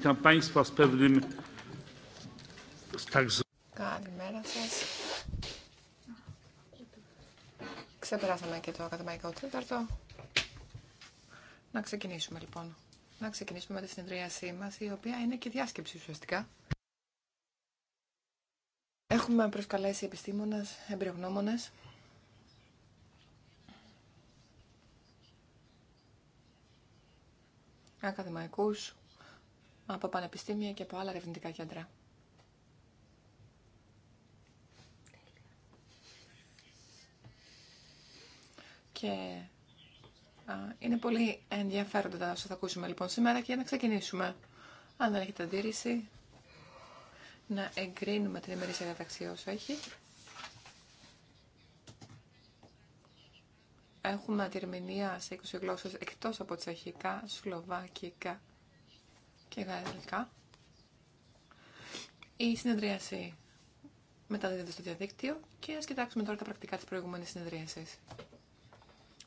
Καλημέρα σας. Ξεπεράσαμε και το ακαδημαϊκό τέταρτο. Να ξεκινήσουμε λοιπόν. Να ξεκινήσουμε με τη συνεδρίασή μας, η οποία είναι και διάσκεψη ουσιαστικά. Έχουμε προσκαλέσει επιστήμονες, εμπειρογνώμονες, ακαδημαϊκούς, από πανεπιστήμια και από άλλα ερευνητικά κέντρα. Και είναι πολύ ενδιαφέροντα τα θα ακούσουμε λοιπόν σήμερα και να ξεκινήσουμε. Αν δεν έχετε αντίρρηση, να εγκρίνουμε την ημερήσια καταξία όσο έχει. Έχουμε τη σε 20 γλώσσες εκτός από τσεχικά, σλοβακικά, και γαλλικά. Η συνεδρίαση μεταδίδεται στο διαδίκτυο και ας κοιτάξουμε τώρα τα πρακτικά της προηγούμενης συνεδρίασης.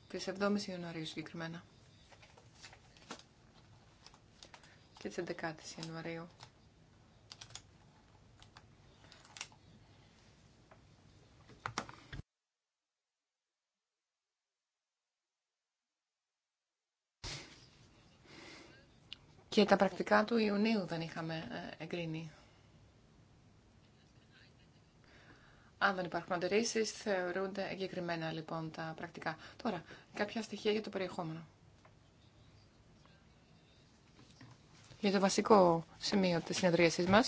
Της 7ης Ιανουαρίου συγκεκριμένα. Και της 11 η Ιανουαρίου. Και τα πρακτικά του Ιουνίου δεν είχαμε ε, εγκρίνει. Αν δεν υπάρχουν αντιρρήσει, θεωρούνται εγκεκριμένα λοιπόν τα πρακτικά. Τώρα, κάποια στοιχεία για το περιεχόμενο. Για το βασικό σημείο της συνεδρίασής μας.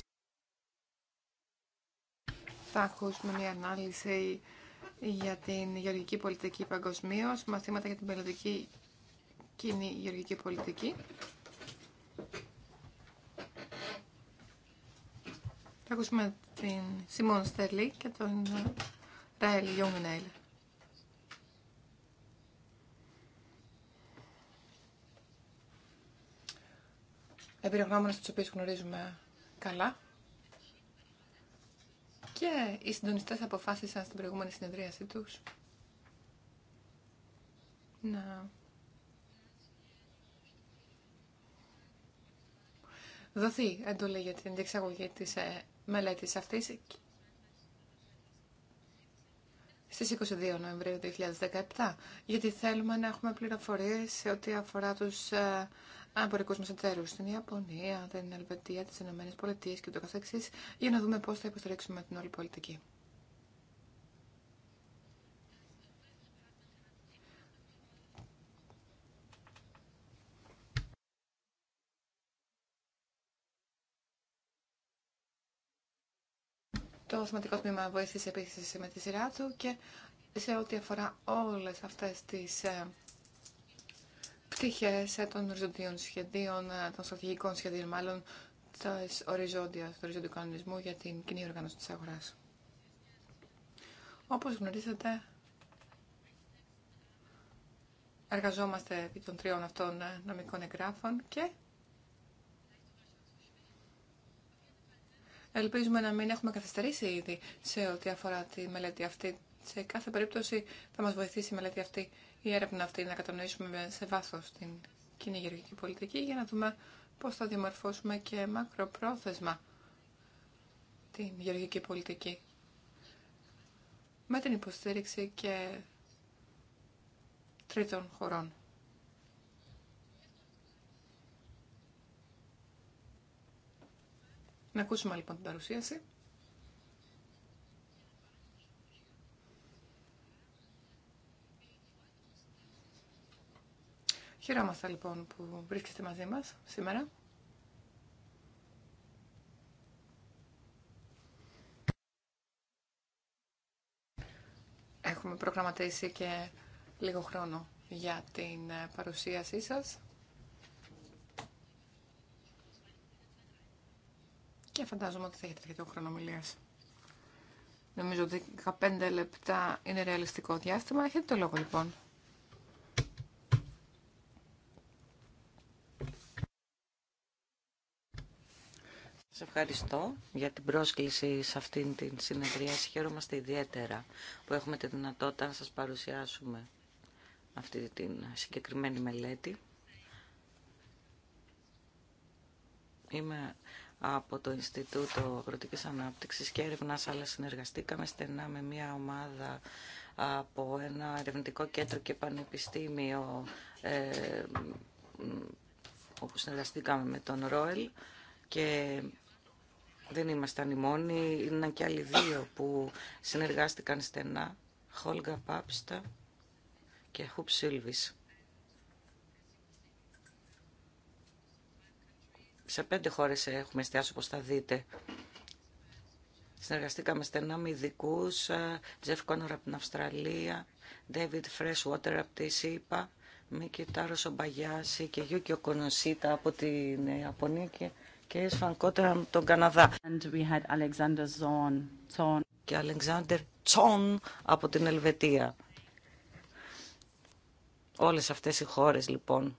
Θα ακούσουμε μια ανάλυση για την γεωργική πολιτική παγκοσμίω, μαθήματα για την περιοδική κοινή γεωργική πολιτική Θα ακούσουμε την Σιμών Στερλή και τον Ραέλ Γιόμινελ. Εμπειρογνώμονες τους οποίους γνωρίζουμε καλά. Και οι συντονιστές αποφάσισαν στην προηγούμενη συνεδρίασή τους να δοθεί εντολή για την διεξαγωγή της ε, μελέτης αυτής στις 22 Νοεμβρίου 2017, γιατί θέλουμε να έχουμε πληροφορίες σε ό,τι αφορά τους ε, εμπορικού μας εταίρους στην Ιαπωνία, την Ελβετία, τις ΗΠΑ και το καθεξής, για να δούμε πώς θα υποστηρίξουμε την όλη πολιτική. Το θεματικό τμήμα βοήθησε επίση με τη σειρά του και σε ό,τι αφορά όλες αυτές τις ε, πτυχές ε, των οριζοντίων σχεδίων, ε, των στρατηγικών σχεδίων μάλλον, τη οριζόντια, του οριζόντιου κανονισμού για την κοινή οργάνωση τη αγορά. Όπω γνωρίζετε, εργαζόμαστε επί των τριών αυτών νομικών εγγράφων και Ελπίζουμε να μην έχουμε καθυστερήσει ήδη σε ό,τι αφορά τη μελέτη αυτή. Σε κάθε περίπτωση θα μας βοηθήσει η μελέτη αυτή, η έρευνα αυτή, να κατανοήσουμε σε βάθος την κοινή γεωργική πολιτική για να δούμε πώς θα διαμορφώσουμε και μακροπρόθεσμα την γεωργική πολιτική. Με την υποστήριξη και τρίτων χωρών. Να ακούσουμε λοιπόν την παρουσίαση. Χαιρόμαστε λοιπόν που βρίσκεστε μαζί μας σήμερα. Έχουμε προγραμματίσει και λίγο χρόνο για την παρουσίασή σας. Και φαντάζομαι ότι θα έχετε αρκετό χρόνο ομιλία. Νομίζω ότι 15 λεπτά είναι ρεαλιστικό διάστημα. Έχετε το λόγο λοιπόν. Σας ευχαριστώ για την πρόσκληση σε αυτήν την συνεδρία. Χαίρομαστε ιδιαίτερα που έχουμε τη δυνατότητα να σας παρουσιάσουμε αυτή την συγκεκριμένη μελέτη. Είμαι από το Ινστιτούτο Αγροτικής Ανάπτυξης και έρευνα, αλλά συνεργαστήκαμε στενά με μια ομάδα από ένα ερευνητικό κέντρο και πανεπιστήμιο ε, όπου συνεργαστήκαμε με τον Ρόελ και δεν ήμασταν οι μόνοι, ήταν και άλλοι δύο που συνεργάστηκαν στενά, Χόλγα Πάπστα και Χουπ Σίλβης. Σε πέντε χώρες έχουμε εστιάσει όπως θα δείτε. Συνεργαστήκαμε στενά με ειδικού, ε, Τζεφ Κόνορ από την Αυστραλία, David Freshwater από τη ΣΥΠΑ, Μίκη Τάρο Σομπαγιάση και Γιούκη Οκονοσίτα από την ε, Ιαπωνία και, και Σφανκότερα από τον Καναδά. And we had Alexander Και Αλεξάνδερ Τσόν από την Ελβετία. Όλες αυτές οι χώρες λοιπόν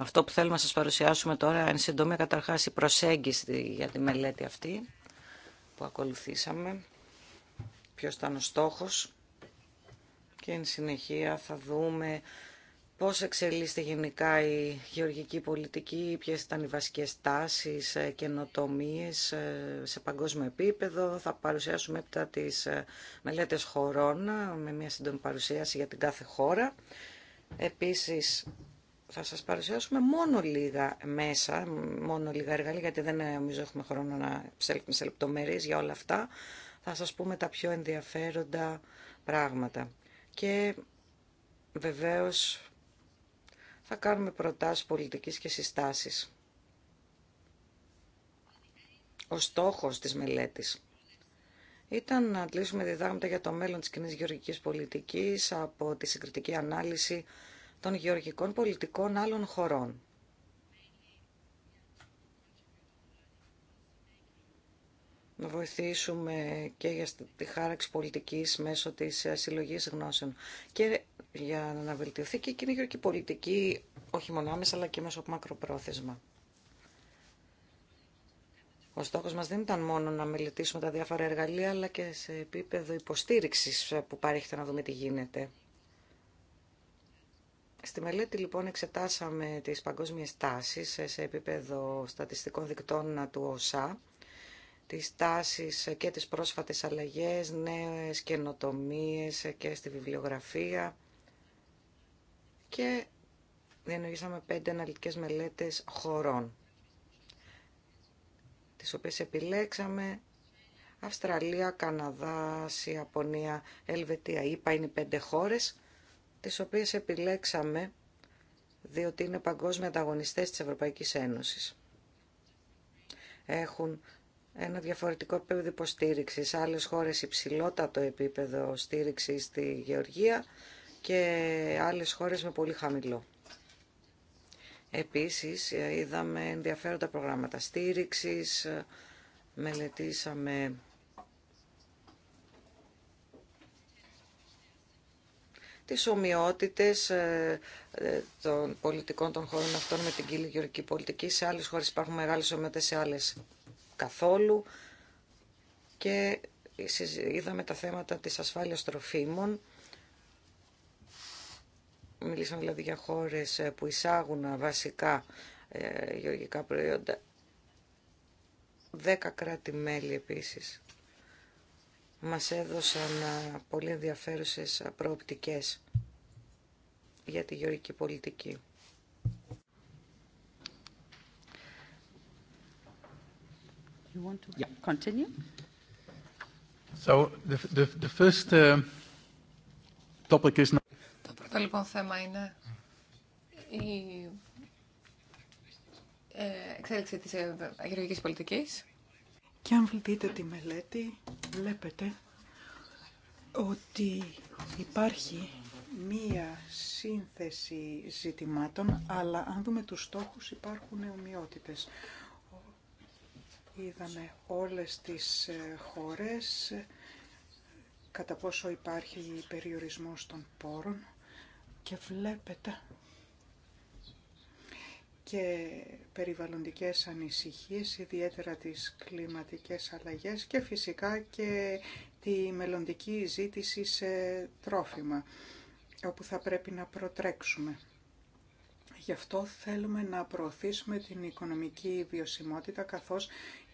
Αυτό που θέλουμε να σας παρουσιάσουμε τώρα, είναι συντομία καταρχάς η προσέγγιση για τη μελέτη αυτή που ακολουθήσαμε, ποιος ήταν ο στόχος και εν συνεχεία θα δούμε πώς εξελίσσεται γενικά η γεωργική πολιτική, ποιες ήταν οι βασικές τάσεις, ε, καινοτομίε ε, σε παγκόσμιο επίπεδο. Θα παρουσιάσουμε έπειτα τις ε, μελέτες χωρών με μια σύντομη παρουσίαση για την κάθε χώρα. Επίσης θα σας παρουσιάσουμε μόνο λίγα μέσα, μόνο λίγα εργαλεία, γιατί δεν ε, νομίζω έχουμε χρόνο να ψέλθουμε σε λεπτομέρειες για όλα αυτά. Θα σας πούμε τα πιο ενδιαφέροντα πράγματα. Και βεβαίως θα κάνουμε προτάσεις πολιτικής και συστάσεις. Ο στόχος της μελέτης ήταν να αντλήσουμε διδάγματα για το μέλλον της κοινή γεωργικής πολιτικής από τη συγκριτική ανάλυση των γεωργικών πολιτικών άλλων χωρών. να βοηθήσουμε και για τη χάραξη πολιτικής μέσω της ε, συλλογής γνώσεων και για να βελτιωθεί και η κοινή πολιτική όχι μόνο άμεσα αλλά και μέσω μακροπρόθεσμα. Ο στόχος μας δεν ήταν μόνο να μελετήσουμε τα διάφορα εργαλεία αλλά και σε επίπεδο υποστήριξης ε, που παρέχεται να δούμε τι γίνεται. Στη μελέτη λοιπόν εξετάσαμε τις παγκόσμιες τάσεις σε επίπεδο στατιστικών δικτών του ΟΣΑ, τις τάσεις και τις πρόσφατες αλλαγές, νέες καινοτομίες και στη βιβλιογραφία και διανοήσαμε πέντε αναλυτικές μελέτες χωρών, τις οποίες επιλέξαμε Αυστραλία, Καναδά, Ιαπωνία, Ελβετία, ΗΠΑ είναι πέντε χώρες τις οποίες επιλέξαμε διότι είναι παγκόσμια ανταγωνιστές της Ευρωπαϊκής Ένωσης. Έχουν ένα διαφορετικό επίπεδο υποστήριξη. Άλλες χώρες υψηλότατο επίπεδο στήριξη στη γεωργία και άλλες χώρες με πολύ χαμηλό. Επίσης, ε, είδαμε ενδιαφέροντα προγράμματα στήριξης, ε, μελετήσαμε τις ομοιότητες ε, ε, των πολιτικών των χωρών αυτών με την κύλη πολιτική. Σε άλλες χώρες υπάρχουν μεγάλες ομοιότητες, σε άλλες καθόλου. Και είδαμε τα θέματα της ασφάλειας τροφίμων. Μιλήσαμε δηλαδή για χώρες ε, που εισάγουν βασικά γεωργικά προϊόντα. Δέκα κράτη-μέλη επίσης μας έδωσαν πολύ ενδιαφέρουσες προοπτικές για τη γεωρική πολιτική. You want to continue? So the, the, the first uh, topic is Το πρώτο λοιπόν θέμα είναι η ε, εξέλιξη της ε, γεωργικής πολιτικής και αν δείτε τη μελέτη, βλέπετε ότι υπάρχει μία σύνθεση ζητημάτων, αλλά αν δούμε τους στόχους υπάρχουν ομοιότητες. Είδαμε όλες τις ε, χώρες, κατά πόσο υπάρχει περιορισμός των πόρων και βλέπετε και περιβαλλοντικές ανησυχίες, ιδιαίτερα τις κλιματικές αλλαγές και φυσικά και τη μελλοντική ζήτηση σε τρόφιμα, όπου θα πρέπει να προτρέξουμε. Γι' αυτό θέλουμε να προωθήσουμε την οικονομική βιωσιμότητα καθώς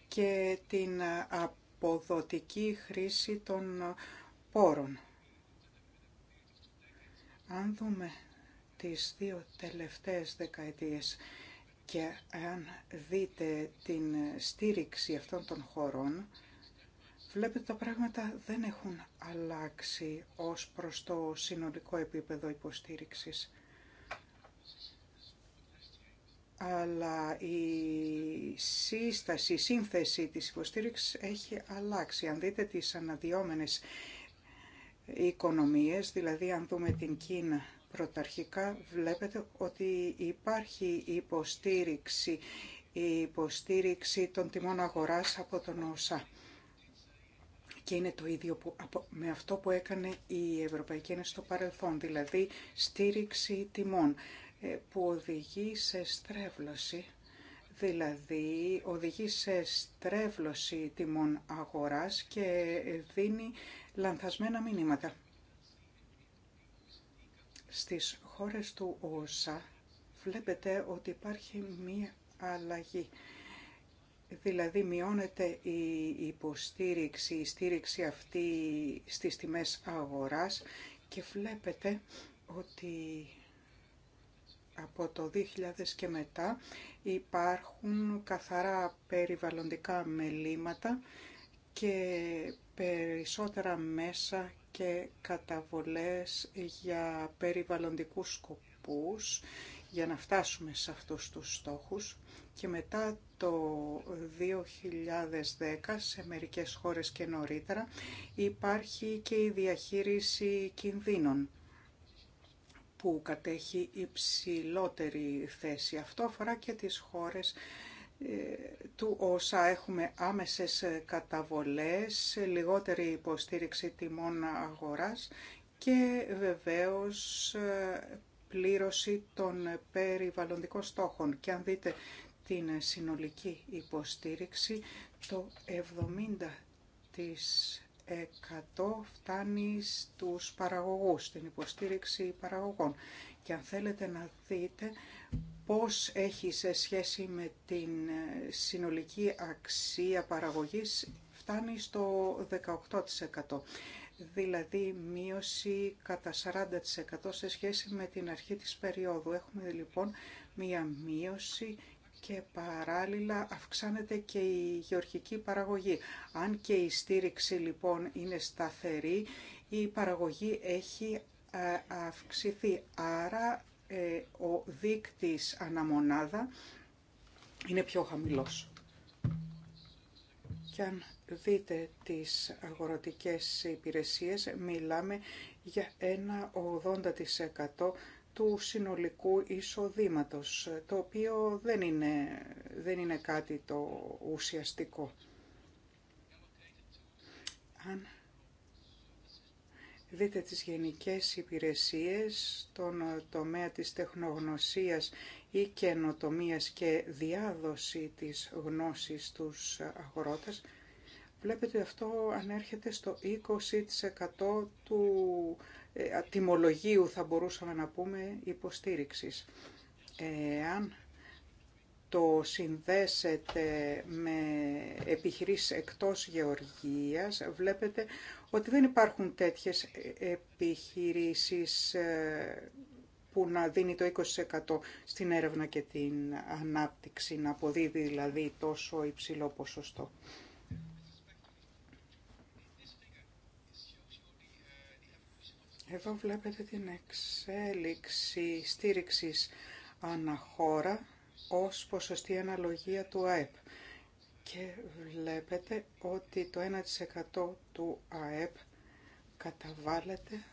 και την αποδοτική χρήση των πόρων. Αν δούμε τις δύο τελευταίες δεκαετίες, και αν δείτε την στήριξη αυτών των χωρών, βλέπετε τα πράγματα δεν έχουν αλλάξει ως προς το συνολικό επίπεδο υποστήριξης. Αλλά η σύσταση, η σύνθεση της υποστήριξης έχει αλλάξει. Αν δείτε τις αναδυόμενες οικονομίες, δηλαδή αν δούμε την Κίνα Πρωταρχικά βλέπετε ότι υπάρχει υποστήριξη, η υποστήριξη των τιμών αγοράς από τον ΩΣΑ. Και είναι το ίδιο με αυτό που έκανε η Ευρωπαϊκή Ένωση στο παρελθόν, δηλαδή στήριξη τιμών ε, που οδηγεί σε στρέβλωση δηλαδή οδηγεί σε στρέβλωση τιμών αγοράς και δίνει λανθασμένα μηνύματα. Στις χώρες του Όσα, βλέπετε ότι υπάρχει μία αλλαγή. Δηλαδή μειώνεται η υποστήριξη, η στήριξη αυτή στις τιμές αγοράς και βλέπετε ότι από το 2000 και μετά υπάρχουν καθαρά περιβαλλοντικά μελήματα και περισσότερα μέσα και καταβολές για περιβαλλοντικούς σκοπούς για να φτάσουμε σε αυτούς τους στόχους και μετά το 2010 σε μερικές χώρες και νωρίτερα υπάρχει και η διαχείριση κινδύνων που κατέχει υψηλότερη θέση. Αυτό αφορά και τις χώρες του όσα έχουμε άμεσες καταβολές, λιγότερη υποστήριξη τιμών αγοράς και βεβαίως ε, πλήρωση των περιβαλλοντικών στόχων. Και αν δείτε την συνολική υποστήριξη, το 70% φτάνει στους παραγωγούς, στην υποστήριξη παραγωγών. Και αν θέλετε να δείτε πώς έχει σε σχέση με την ε, συνολική αξία παραγωγής φτάνει στο 18%. Δηλαδή μείωση κατά 40% σε σχέση με την αρχή της περίοδου. Έχουμε λοιπόν μία μείωση και παράλληλα αυξάνεται και η γεωργική παραγωγή. Αν και η στήριξη λοιπόν είναι σταθερή, η παραγωγή έχει ε, αυξηθεί. Άρα ε, ο δείκτης αναμονάδα είναι πιο χαμηλός. Και αν δείτε τις αγορατικές υπηρεσίες, μιλάμε για ένα 80% του συνολικού εισοδήματος, το οποίο δεν είναι, δεν είναι κάτι το ουσιαστικό δείτε τις γενικές υπηρεσίες τον ε, τομέα της τεχνογνωσίας ή καινοτομίας και διάδοση της γνώσης στους ε, αγορότες, βλέπετε αυτό ανέρχεται στο 20% του ε, τιμολογίου, θα μπορούσαμε να πούμε, υποστήριξης. Εάν το συνδέσετε με επιχειρήσεις εκτός γεωργίας, βλέπετε ότι δεν υπάρχουν τέτοιες επιχειρήσεις ε, που να δίνει το 20% στην έρευνα και την ανάπτυξη, να αποδίδει δηλαδή τόσο υψηλό ποσοστό. Εδώ βλέπετε την εξέλιξη στήριξης αναχώρα ως ποσοστή αναλογία του ΑΕΠ. Και βλέπετε ότι το 1% του ΑΕΠ καταβάλλεται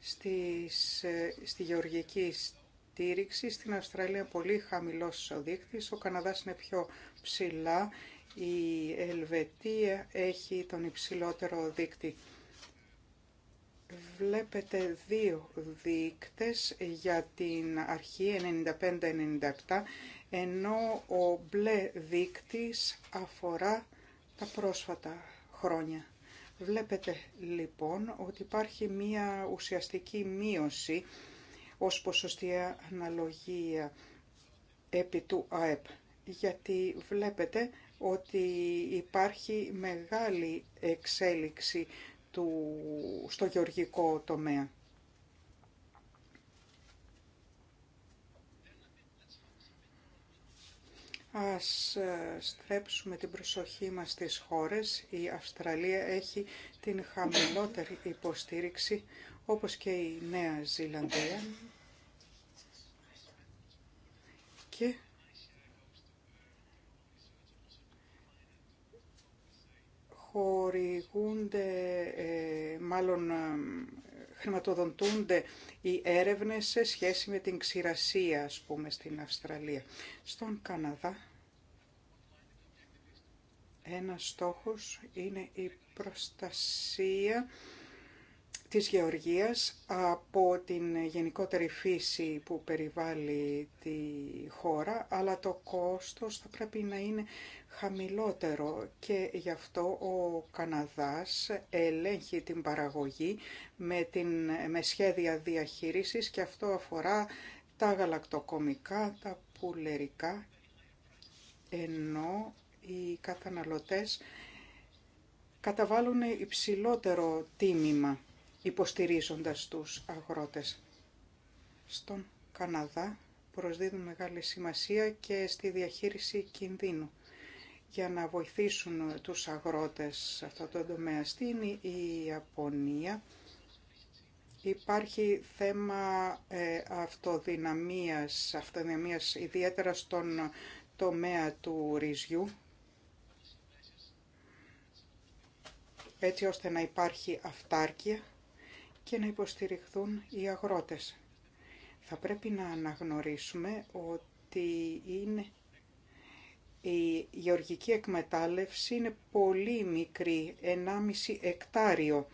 στις, ε, στη γεωργική στήριξη. Στην Αυστραλία πολύ χαμηλός ο δείκτης, ο Καναδάς είναι πιο ψηλά, η Ελβετία έχει τον υψηλότερο δείκτη. Βλέπετε δύο δείκτες για την αρχή 95-97 ενώ ο μπλε δείκτης αφορά τα πρόσφατα χρόνια. Βλέπετε λοιπόν ότι υπάρχει μία ουσιαστική μείωση ως ποσοστία αναλογία επί του ΑΕΠ, γιατί βλέπετε ότι υπάρχει μεγάλη εξέλιξη του, στο γεωργικό τομέα. Ας ε, στρέψουμε την προσοχή μας στις χώρες. Η Αυστραλία έχει την χαμηλότερη υποστήριξη, όπως και η Νέα Ζηλανδία. Και χορηγούνται, ε, μάλλον χρηματοδοτούνται οι έρευνες σε σχέση με την ξηρασία, ας πούμε, στην Αυστραλία. Στον Καναδά, Ένα στόχος είναι η προστασία της γεωργίας από την γενικότερη φύση που περιβάλλει τη χώρα, αλλά το κόστος θα πρέπει να είναι χαμηλότερο και γι' αυτό ο Καναδάς ελέγχει την παραγωγή με, την, με σχέδια διαχείρισης και αυτό αφορά τα γαλακτοκομικά, τα πουλερικά, ενώ οι καταναλωτές καταβάλουν υψηλότερο τίμημα υποστηρίζοντας τους αγρότες. Στον Καναδά προσδίδουν μεγάλη σημασία και στη διαχείριση κινδύνου για να βοηθήσουν τους αγρότες σε αυτό το τομέα. Στην Ιαπωνία υπάρχει θέμα ε, αυτοδυναμίας, αυτοδυναμίας ιδιαίτερα στον τομέα του ρυζιού έτσι ώστε να υπάρχει αυτάρκεια και να υποστηριχθούν οι αγρότες. Θα πρέπει να αναγνωρίσουμε ότι είναι η γεωργική εκμετάλλευση είναι πολύ μικρή, 1,5 εκτάριο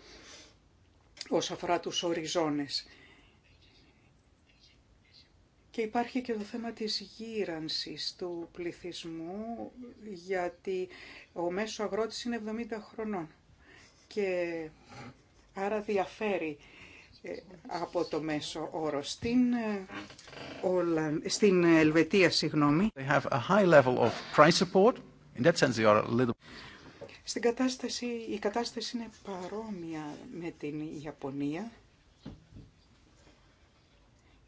όσον αφορά τους οριζόνες. Και υπάρχει και το θέμα της γύρανσης του πληθυσμού, γιατί ο μέσος αγρότης είναι 70 χρονών. Και Άρα διαφέρει ε, από το μέσο όρο. Στην, ε, στην Ελβετία, συγγνώμη, high level of price In that sense are a Στην κατάσταση, η κατάσταση είναι παρόμοια με την Ιαπωνία.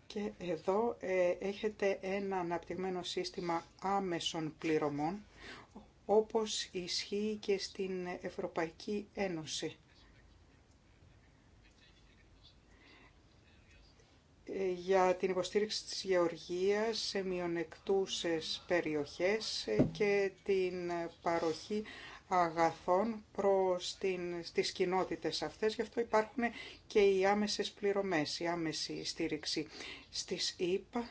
Και εδώ ε, έχετε ένα αναπτυγμένο σύστημα άμεσων πληρωμών, όπως ισχύει και στην Ευρωπαϊκή Ένωση. για την υποστήριξη της γεωργίας σε μειονεκτούσες περιοχές και την παροχή αγαθών προς την, τις κοινότητες αυτές. Γι' αυτό υπάρχουν και οι άμεσες πληρωμές, η άμεση στήριξη στις ΕΠΑ.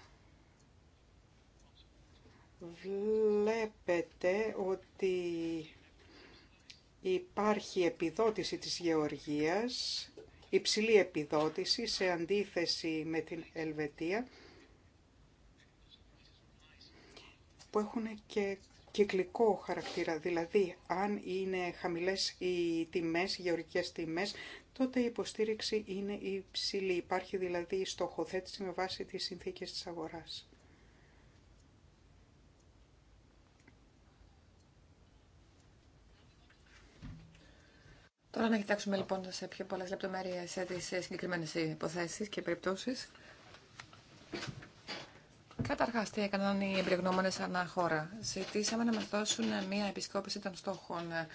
Βλέπετε ότι υπάρχει επιδότηση της γεωργίας υψηλή επιδότηση σε αντίθεση με την Ελβετία που έχουν και κυκλικό χαρακτήρα. Δηλαδή, αν είναι χαμηλές οι τιμές, οι γεωρικές τιμές, τότε η υποστήριξη είναι υψηλή. Υπάρχει δηλαδή στοχοθέτηση με βάση τις συνθήκες της αγοράς. Τώρα να κοιτάξουμε λοιπόν σε πιο πολλές λεπτομέρειες σε τις ε, συγκεκριμένες υποθέσεις και περιπτώσεις. Καταρχά, τι έκαναν οι εμπειρογνώμονε αναχώρα. Ζητήσαμε να μα δώσουν μία επισκόπηση των στόχων ε,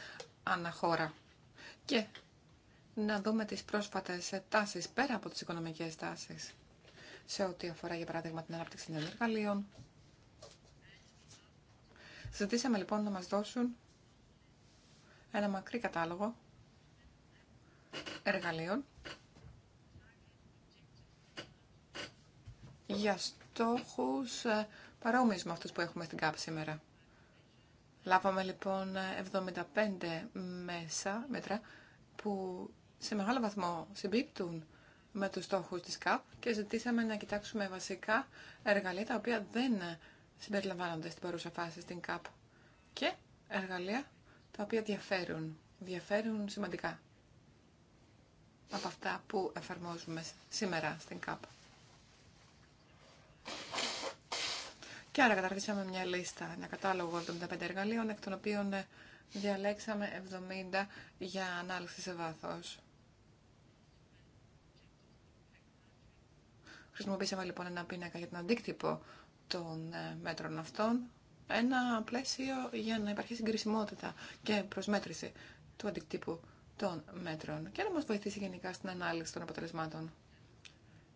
αναχώρα και να δούμε τι πρόσφατε ε, τάσει πέρα από τι οικονομικέ τάσει σε ό,τι αφορά, για παράδειγμα, την ανάπτυξη των εργαλείων. Ζητήσαμε λοιπόν να μας δώσουν ένα μακρύ κατάλογο εργαλείων για στόχους ε, παρόμοιους με αυτούς που έχουμε στην ΚΑΠ σήμερα. Λάβαμε λοιπόν 75 μέσα, μέτρα που σε μεγάλο βαθμό συμπίπτουν με τους στόχους της ΚΑΠ και ζητήσαμε να κοιτάξουμε βασικά εργαλεία τα οποία δεν συμπεριλαμβάνονται στην παρούσα φάση στην ΚΑΠ και εργαλεία τα οποία διαφέρουν, διαφέρουν σημαντικά από αυτά που εφαρμόζουμε σήμερα στην ΚΑΠ. Και άρα καταρτήσαμε μια λίστα, ένα κατάλογο 75 εργαλείων, εκ των οποίων διαλέξαμε 70 για ανάλυση σε βάθος. Χρησιμοποίησαμε λοιπόν ένα πίνακα για τον αντίκτυπο των ε, μέτρων αυτών, ένα πλαίσιο για να υπάρχει συγκρισιμότητα και προσμέτρηση του αντικτύπου των μέτρων και να μας βοηθήσει γενικά στην ανάλυση των αποτελεσμάτων.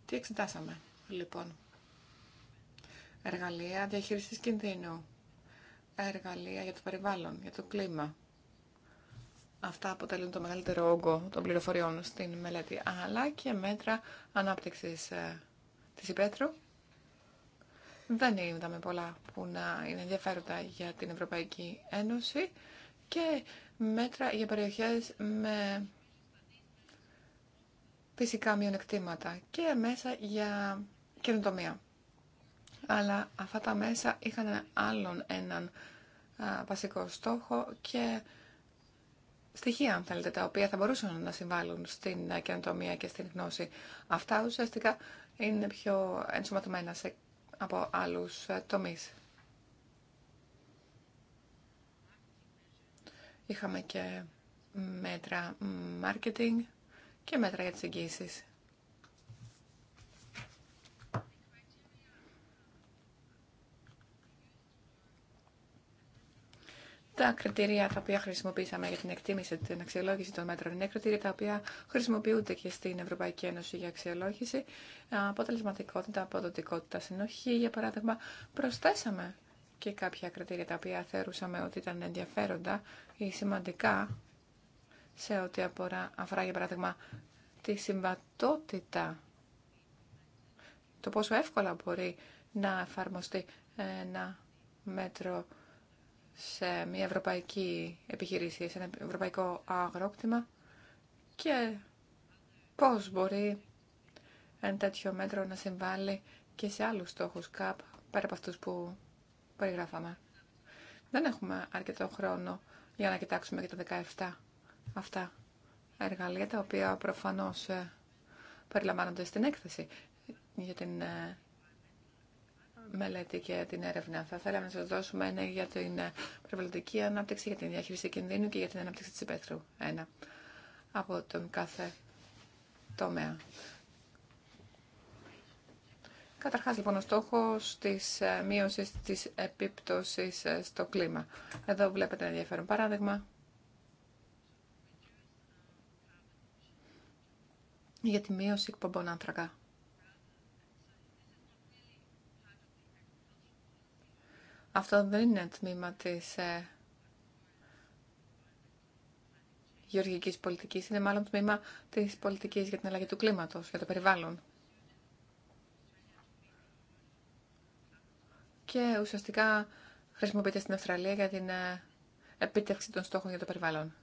Τι εξετάσαμε, λοιπόν. Εργαλεία διαχείρισης κινδύνου. Εργαλεία για το περιβάλλον, για το κλίμα. Αυτά αποτελούν το μεγαλύτερο όγκο των πληροφοριών στην μελέτη, αλλά και μέτρα ανάπτυξης ε, της υπέτρου. Δεν είδαμε πολλά που να είναι ενδιαφέροντα για την Ευρωπαϊκή Ένωση και μέτρα για περιοχές με φυσικά μειονεκτήματα και μέσα για καινοτομία. Αλλά αυτά τα μέσα είχαν άλλον έναν βασικό στόχο και στοιχεία, αν θέλετε, τα οποία θα μπορούσαν να συμβάλλουν στην καινοτομία και στην γνώση. Αυτά ουσιαστικά είναι πιο ενσωματωμένα σε, από άλλους ε, τομείς. Είχαμε και μέτρα marketing και μέτρα για τις εγγύησεις. Τα κριτήρια τα οποία χρησιμοποίησαμε για την εκτίμηση, την αξιολόγηση των μέτρων είναι κριτήρια τα οποία χρησιμοποιούνται και στην Ευρωπαϊκή Ένωση για αξιολόγηση. Αποτελεσματικότητα, αποδοτικότητα, συνοχή, για παράδειγμα, προσθέσαμε και κάποια κριτήρια τα οποία θεωρούσαμε ότι ήταν ενδιαφέροντα ή σημαντικά σε ό,τι αφορά, για παράδειγμα, τη συμβατότητα, το πόσο εύκολα μπορεί να εφαρμοστεί ένα μέτρο σε μια ευρωπαϊκή επιχειρήση, σε ένα ευρωπαϊκό αγρόκτημα και πώς μπορεί ένα τέτοιο μέτρο να συμβάλλει και σε άλλους στόχους ΚΑΠ, πέρα από αυτούς που περιγράφαμε. Δεν έχουμε αρκετό χρόνο για να κοιτάξουμε και τα 17 αυτά εργαλεία, τα οποία προφανώς ε, περιλαμβάνονται στην έκθεση για την ε, μελέτη και την έρευνα. Θα θέλαμε να σας δώσουμε ένα για την ε, προβλητική ανάπτυξη, για την διαχείριση κινδύνου και για την ανάπτυξη της υπαίθρου. Ένα από τον κάθε τομέα. Καταρχάς λοιπόν ο στόχος της ε, μείωσης της επίπτωσης ε, στο κλίμα. Εδώ βλέπετε ένα ενδιαφέρον παράδειγμα. για τη μείωση εκπομπών άνθρακα. Αυτό δεν είναι τμήμα της ε, γεωργικής πολιτικής, είναι μάλλον τμήμα της πολιτικής για την αλλαγή του κλίματος, για το περιβάλλον. και ουσιαστικά χρησιμοποιείται στην Αυστραλία για την ε, επίτευξη των στόχων για το περιβάλλον.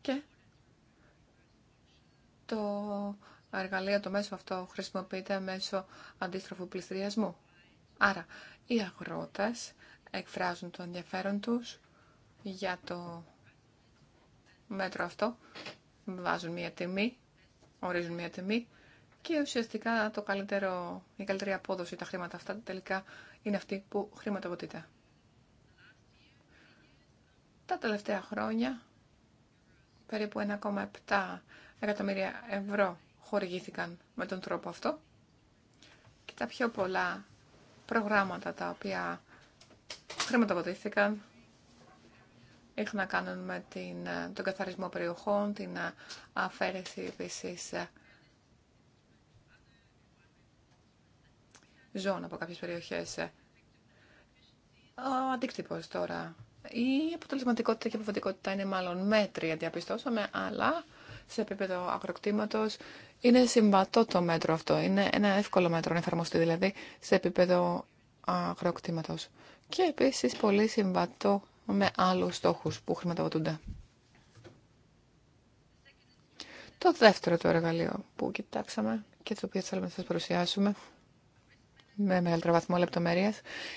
Και το εργαλείο, το μέσο αυτό χρησιμοποιείται μέσω αντίστροφου πληστηριασμού. Άρα, οι αγρότες εκφράζουν το ενδιαφέρον τους για το μέτρο αυτό, βάζουν μια τιμή, ορίζουν μια τιμή και ουσιαστικά το καλύτερο, η καλύτερη απόδοση τα χρήματα αυτά τελικά είναι αυτή που χρηματοδοτείται. Τα τελευταία χρόνια περίπου 1,7 εκατομμύρια ευρώ χορηγήθηκαν με τον τρόπο αυτό και τα πιο πολλά προγράμματα τα οποία χρηματοδοτήθηκαν είχαν να κάνουν με την, τον καθαρισμό περιοχών, την αφαίρεση επίσης ε, ζώων από κάποιες περιοχές. Ε, ο αντίκτυπος τώρα. Η αποτελεσματικότητα και η αποφατικότητα είναι μάλλον μέτρια, διαπιστώσαμε, αλλά σε επίπεδο αγροκτήματος είναι συμβατό το μέτρο αυτό. Είναι ένα εύκολο μέτρο να εφαρμοστεί δηλαδή σε επίπεδο αγροκτήματος. Και επίσης πολύ συμβατό με άλλους στόχους που χρηματοδοτούνται. Το δεύτερο το εργαλείο που κοιτάξαμε και το οποίο θέλουμε να σας παρουσιάσουμε με μεγαλύτερο βαθμό λεπτομέρεια,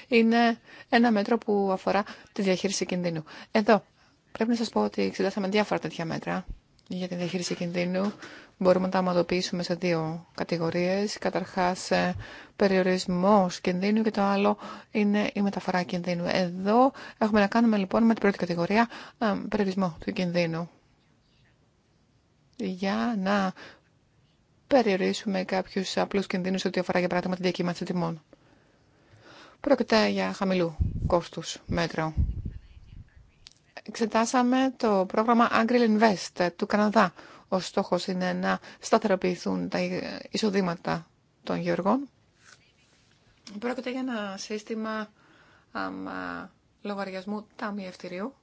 είναι ένα μέτρο που αφορά τη διαχείριση κινδύνου. Εδώ πρέπει να σα πω ότι εξετάσαμε διάφορα τέτοια μέτρα για τη διαχείριση κινδύνου. Μπορούμε να τα ομαδοποιήσουμε σε δύο κατηγορίε. Καταρχά ε, περιορισμό κινδύνου και το άλλο είναι η μεταφορά κινδύνου. Εδώ έχουμε να κάνουμε λοιπόν με την πρώτη κατηγορία ε, περιορισμό του κινδύνου για να περιορίσουμε κάποιου απλού κινδύνου ό,τι αφορά για παράδειγμα τη διακύμανση τιμών. Πρόκειται για χαμηλού κόστου μέτρο. Εξετάσαμε το πρόγραμμα Angrill Invest του Καναδά. Ο στόχο είναι να σταθεροποιηθούν τα εισοδήματα των γεωργών. Πρόκειται για ένα σύστημα αμα, λογαριασμού ταμιευτηρίου,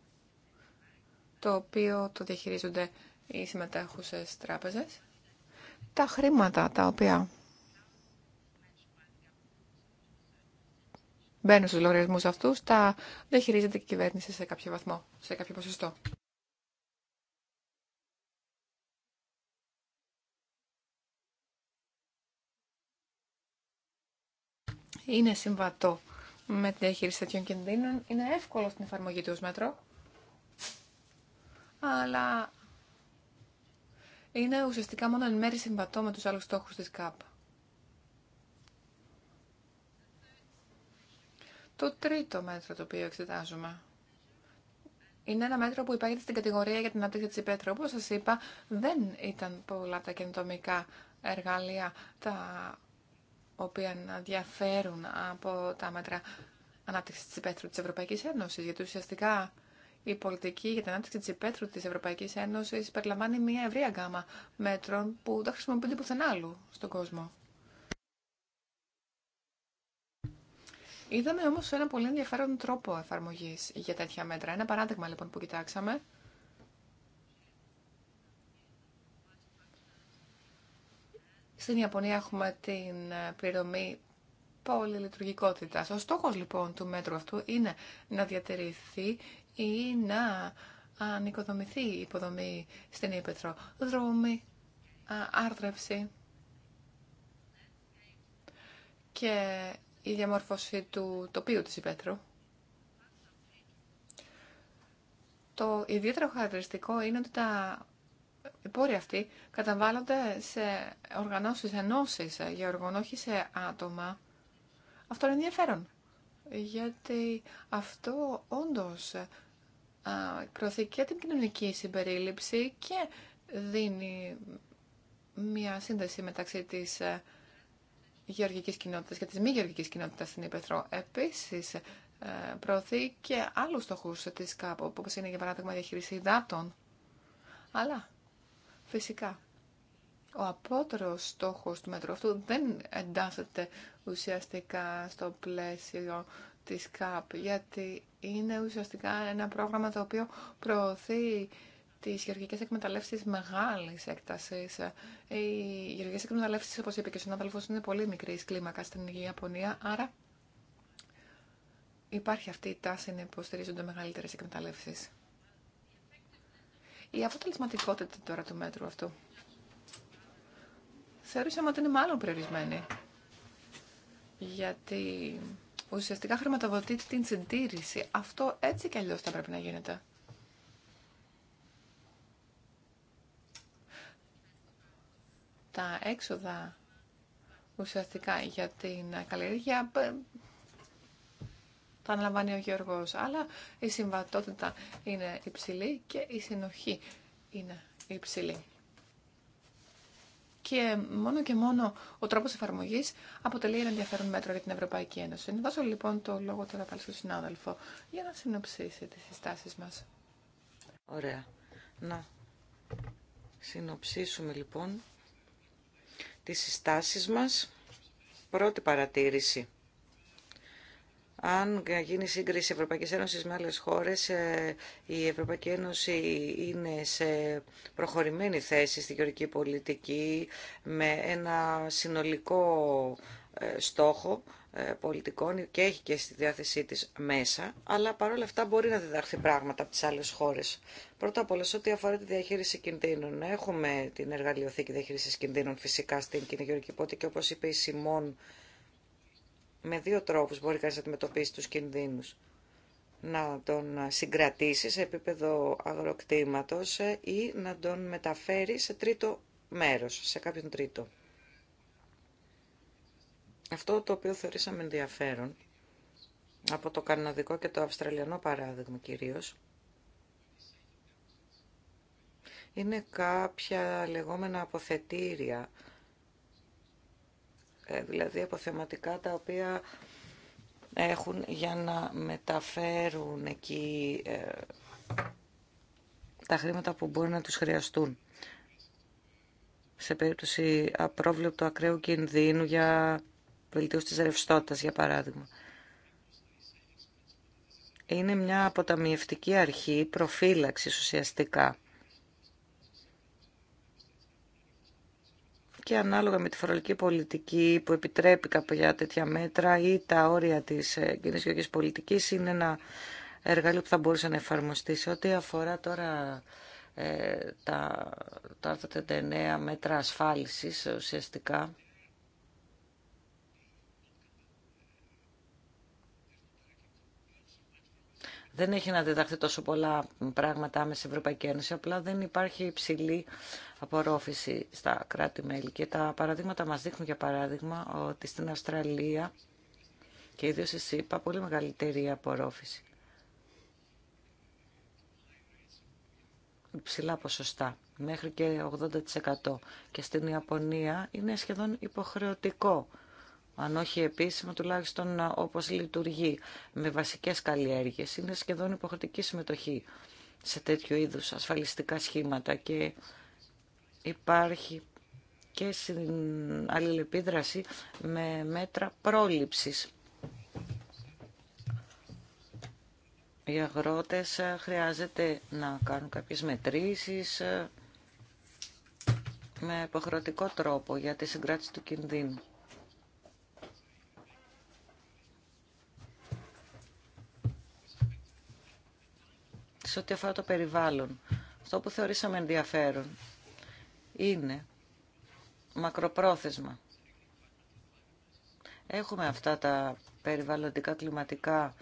το οποίο το διαχειρίζονται οι συμμετέχουσες τράπεζες τα χρήματα τα οποία μπαίνουν στους λογαριασμούς αυτούς, τα διαχειρίζεται η κυβέρνηση σε κάποιο βαθμό, σε κάποιο ποσοστό. είναι συμβατό με τη διαχείριση τέτοιων κινδύνων. Είναι εύκολο στην εφαρμογή του ως μέτρο. Αλλά είναι ουσιαστικά μόνο εν μέρη συμβατό με τους άλλους στόχους της ΚΑΠ. Το τρίτο μέτρο το οποίο εξετάζουμε είναι ένα μέτρο που υπάρχει στην κατηγορία για την ανάπτυξη της υπέτρου. Όπως σας είπα, δεν ήταν πολλά τα καινοτομικά εργαλεία τα οποία να διαφέρουν από τα μέτρα ανάπτυξη της υπέτρου τη Ευρωπαϊκή Ένωση. γιατί ουσιαστικά η πολιτική για την ανάπτυξη τη υπαίθρου της Ευρωπαϊκής Ένωσης περιλαμβάνει μια ευρία γκάμα μέτρων που δεν χρησιμοποιούνται πουθενά άλλου στον κόσμο. Είδαμε όμως ένα πολύ ενδιαφέρον τρόπο εφαρμογής για τέτοια μέτρα. Ένα παράδειγμα λοιπόν που κοιτάξαμε Στην Ιαπωνία έχουμε την πληρωμή πολυλειτουργικότητας. Ο στόχος λοιπόν του μέτρου αυτού είναι να διατηρηθεί ή να ανοικοδομηθεί η υποδομή στην Ήπετρο. Δρόμοι, άρδρευση και η διαμόρφωση του τοπίου της Ήπετρου. Το ιδιαίτερο χαρακτηριστικό είναι ότι τα οι πόροι αυτοί καταβάλλονται σε οργανώσεις, ενώσεις για όχι σε άτομα. Αυτό είναι ενδιαφέρον, γιατί αυτό όντως προωθεί και την κοινωνική συμπερίληψη και δίνει μια σύνδεση μεταξύ της ε, γεωργικής κοινότητας και της μη γεωργικής κοινότητας στην Ήπεθρο. Επίσης, ε, προωθεί και άλλους στόχους της κάπο όπως είναι για παράδειγμα η διαχείριση υδάτων. Αλλά, φυσικά, ο απότερος στόχος του μέτρου αυτού δεν εντάσσεται ουσιαστικά στο πλαίσιο της ΚΑΠ, γιατί είναι ουσιαστικά ένα πρόγραμμα το οποίο προωθεί τις γεωργικές εκμεταλλεύσεις μεγάλης έκτασης. Οι γεωργικές εκμεταλλεύσεις, όπως είπε και ο συνάδελφος, είναι πολύ μικρή κλίμακα στην Ιαπωνία, άρα υπάρχει αυτή η τάση να υποστηρίζονται μεγαλύτερες εκμεταλλεύσεις. Η αποτελεσματικότητα τώρα του μέτρου αυτού. Θεωρήσαμε ότι είναι μάλλον περιορισμένη. Γιατί ουσιαστικά χρηματοδοτεί την συντήρηση. Αυτό έτσι κι αλλιώς θα πρέπει να γίνεται. Τα έξοδα ουσιαστικά για την καλλιέργεια τα αναλαμβάνει ο Γιώργος. αλλά η συμβατότητα είναι υψηλή και η συνοχή είναι υψηλή και μόνο και μόνο ο τρόπος εφαρμογής αποτελεί ένα ενδιαφέρον μέτρο για την Ευρωπαϊκή Ένωση. Να δώσω λοιπόν το λόγο τώρα πάλι στον συνάδελφο για να συνοψίσει τι συστάσει μας. Ωραία. Να συνοψίσουμε λοιπόν τις συστάσεις μας. Πρώτη παρατήρηση. Αν γίνει σύγκριση Ευρωπαϊκή Ένωση με άλλε χώρε, ε, η Ευρωπαϊκή Ένωση είναι σε προχωρημένη θέση στη γεωργική πολιτική με ένα συνολικό ε, στόχο ε, πολιτικών και έχει και στη διάθεσή της μέσα, αλλά παρόλα αυτά μπορεί να διδαχθεί πράγματα από τις άλλες χώρες. Πρώτα απ' όλα, σε ό,τι αφορά τη διαχείριση κινδύνων, έχουμε την εργαλειοθήκη διαχείρισης κινδύνων φυσικά στην κοινή γεωργική πότη και όπως είπε η Σιμών, με δύο τρόπους μπορεί κανείς να αντιμετωπίσει τους κινδύνους. Να τον συγκρατήσει σε επίπεδο αγροκτήματος ή να τον μεταφέρει σε τρίτο μέρος, σε κάποιον τρίτο. Αυτό το οποίο θεωρήσαμε ενδιαφέρον από το καναδικό και το αυστραλιανό παράδειγμα κυρίως, είναι κάποια λεγόμενα αποθετήρια ε, δηλαδή αποθεματικά τα οποία έχουν για να μεταφέρουν εκεί ε, τα χρήματα που μπορεί να τους χρειαστούν σε περίπτωση απρόβλεπτου ακραίου κινδύνου για βελτίωση της ρευστότητα, για παράδειγμα. Είναι μια αποταμιευτική αρχή προφύλαξης ουσιαστικά και ανάλογα με τη φορολογική πολιτική που επιτρέπει κάποια τέτοια μέτρα ή τα όρια της ε, κοινή πολιτικής είναι ένα εργαλείο που θα μπορούσε να εφαρμοστεί. Σε ό,τι αφορά τώρα ε, τα, τα 39 μέτρα ασφάλισης ουσιαστικά, Δεν έχει να διδαχθεί τόσο πολλά πράγματα μέσα στην Ευρωπαϊκή Ένωση, απλά δεν υπάρχει υψηλή απορρόφηση στα κράτη-μέλη. Και τα παραδείγματα μας δείχνουν, για παράδειγμα, ότι στην Αυστραλία και ιδίως εσύ ΣΥΠΑ πολύ μεγαλύτερη απορρόφηση. Υψηλά ποσοστά, μέχρι και 80%. Και στην Ιαπωνία είναι σχεδόν υποχρεωτικό αν όχι επίσημα τουλάχιστον ε, όπως λειτουργεί με βασικές καλλιέργειες. Είναι σχεδόν υποχρεωτική συμμετοχή σε τέτοιου είδους ασφαλιστικά σχήματα και υπάρχει και στην αλληλεπίδραση με μέτρα πρόληψης. Οι αγρότες ε, χρειάζεται να κάνουν κάποιες μετρήσεις ε, με υποχρεωτικό τρόπο για τη συγκράτηση του κινδύνου. σε ό,τι αφορά το περιβάλλον. Αυτό που θεωρήσαμε ενδιαφέρον είναι μακροπρόθεσμα. Έχουμε αυτά τα περιβαλλοντικά κλιματικά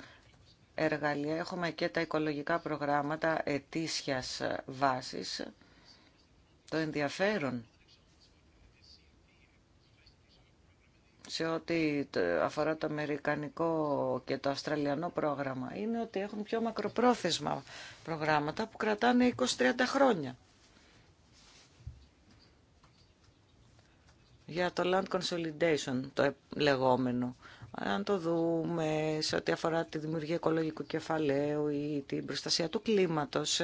εργαλεία, έχουμε και τα οικολογικά προγράμματα ετήσιας βάσεις, Το ενδιαφέρον σε ό,τι αφορά το αμερικανικό και το αυστραλιανό πρόγραμμα είναι ότι έχουν πιο μακροπρόθεσμα προγράμματα που κρατάνε 20-30 χρόνια. Για το land consolidation το λεγόμενο. Αν το δούμε σε ό,τι αφορά τη δημιουργία οικολογικού κεφαλαίου ή την προστασία του κλίματος,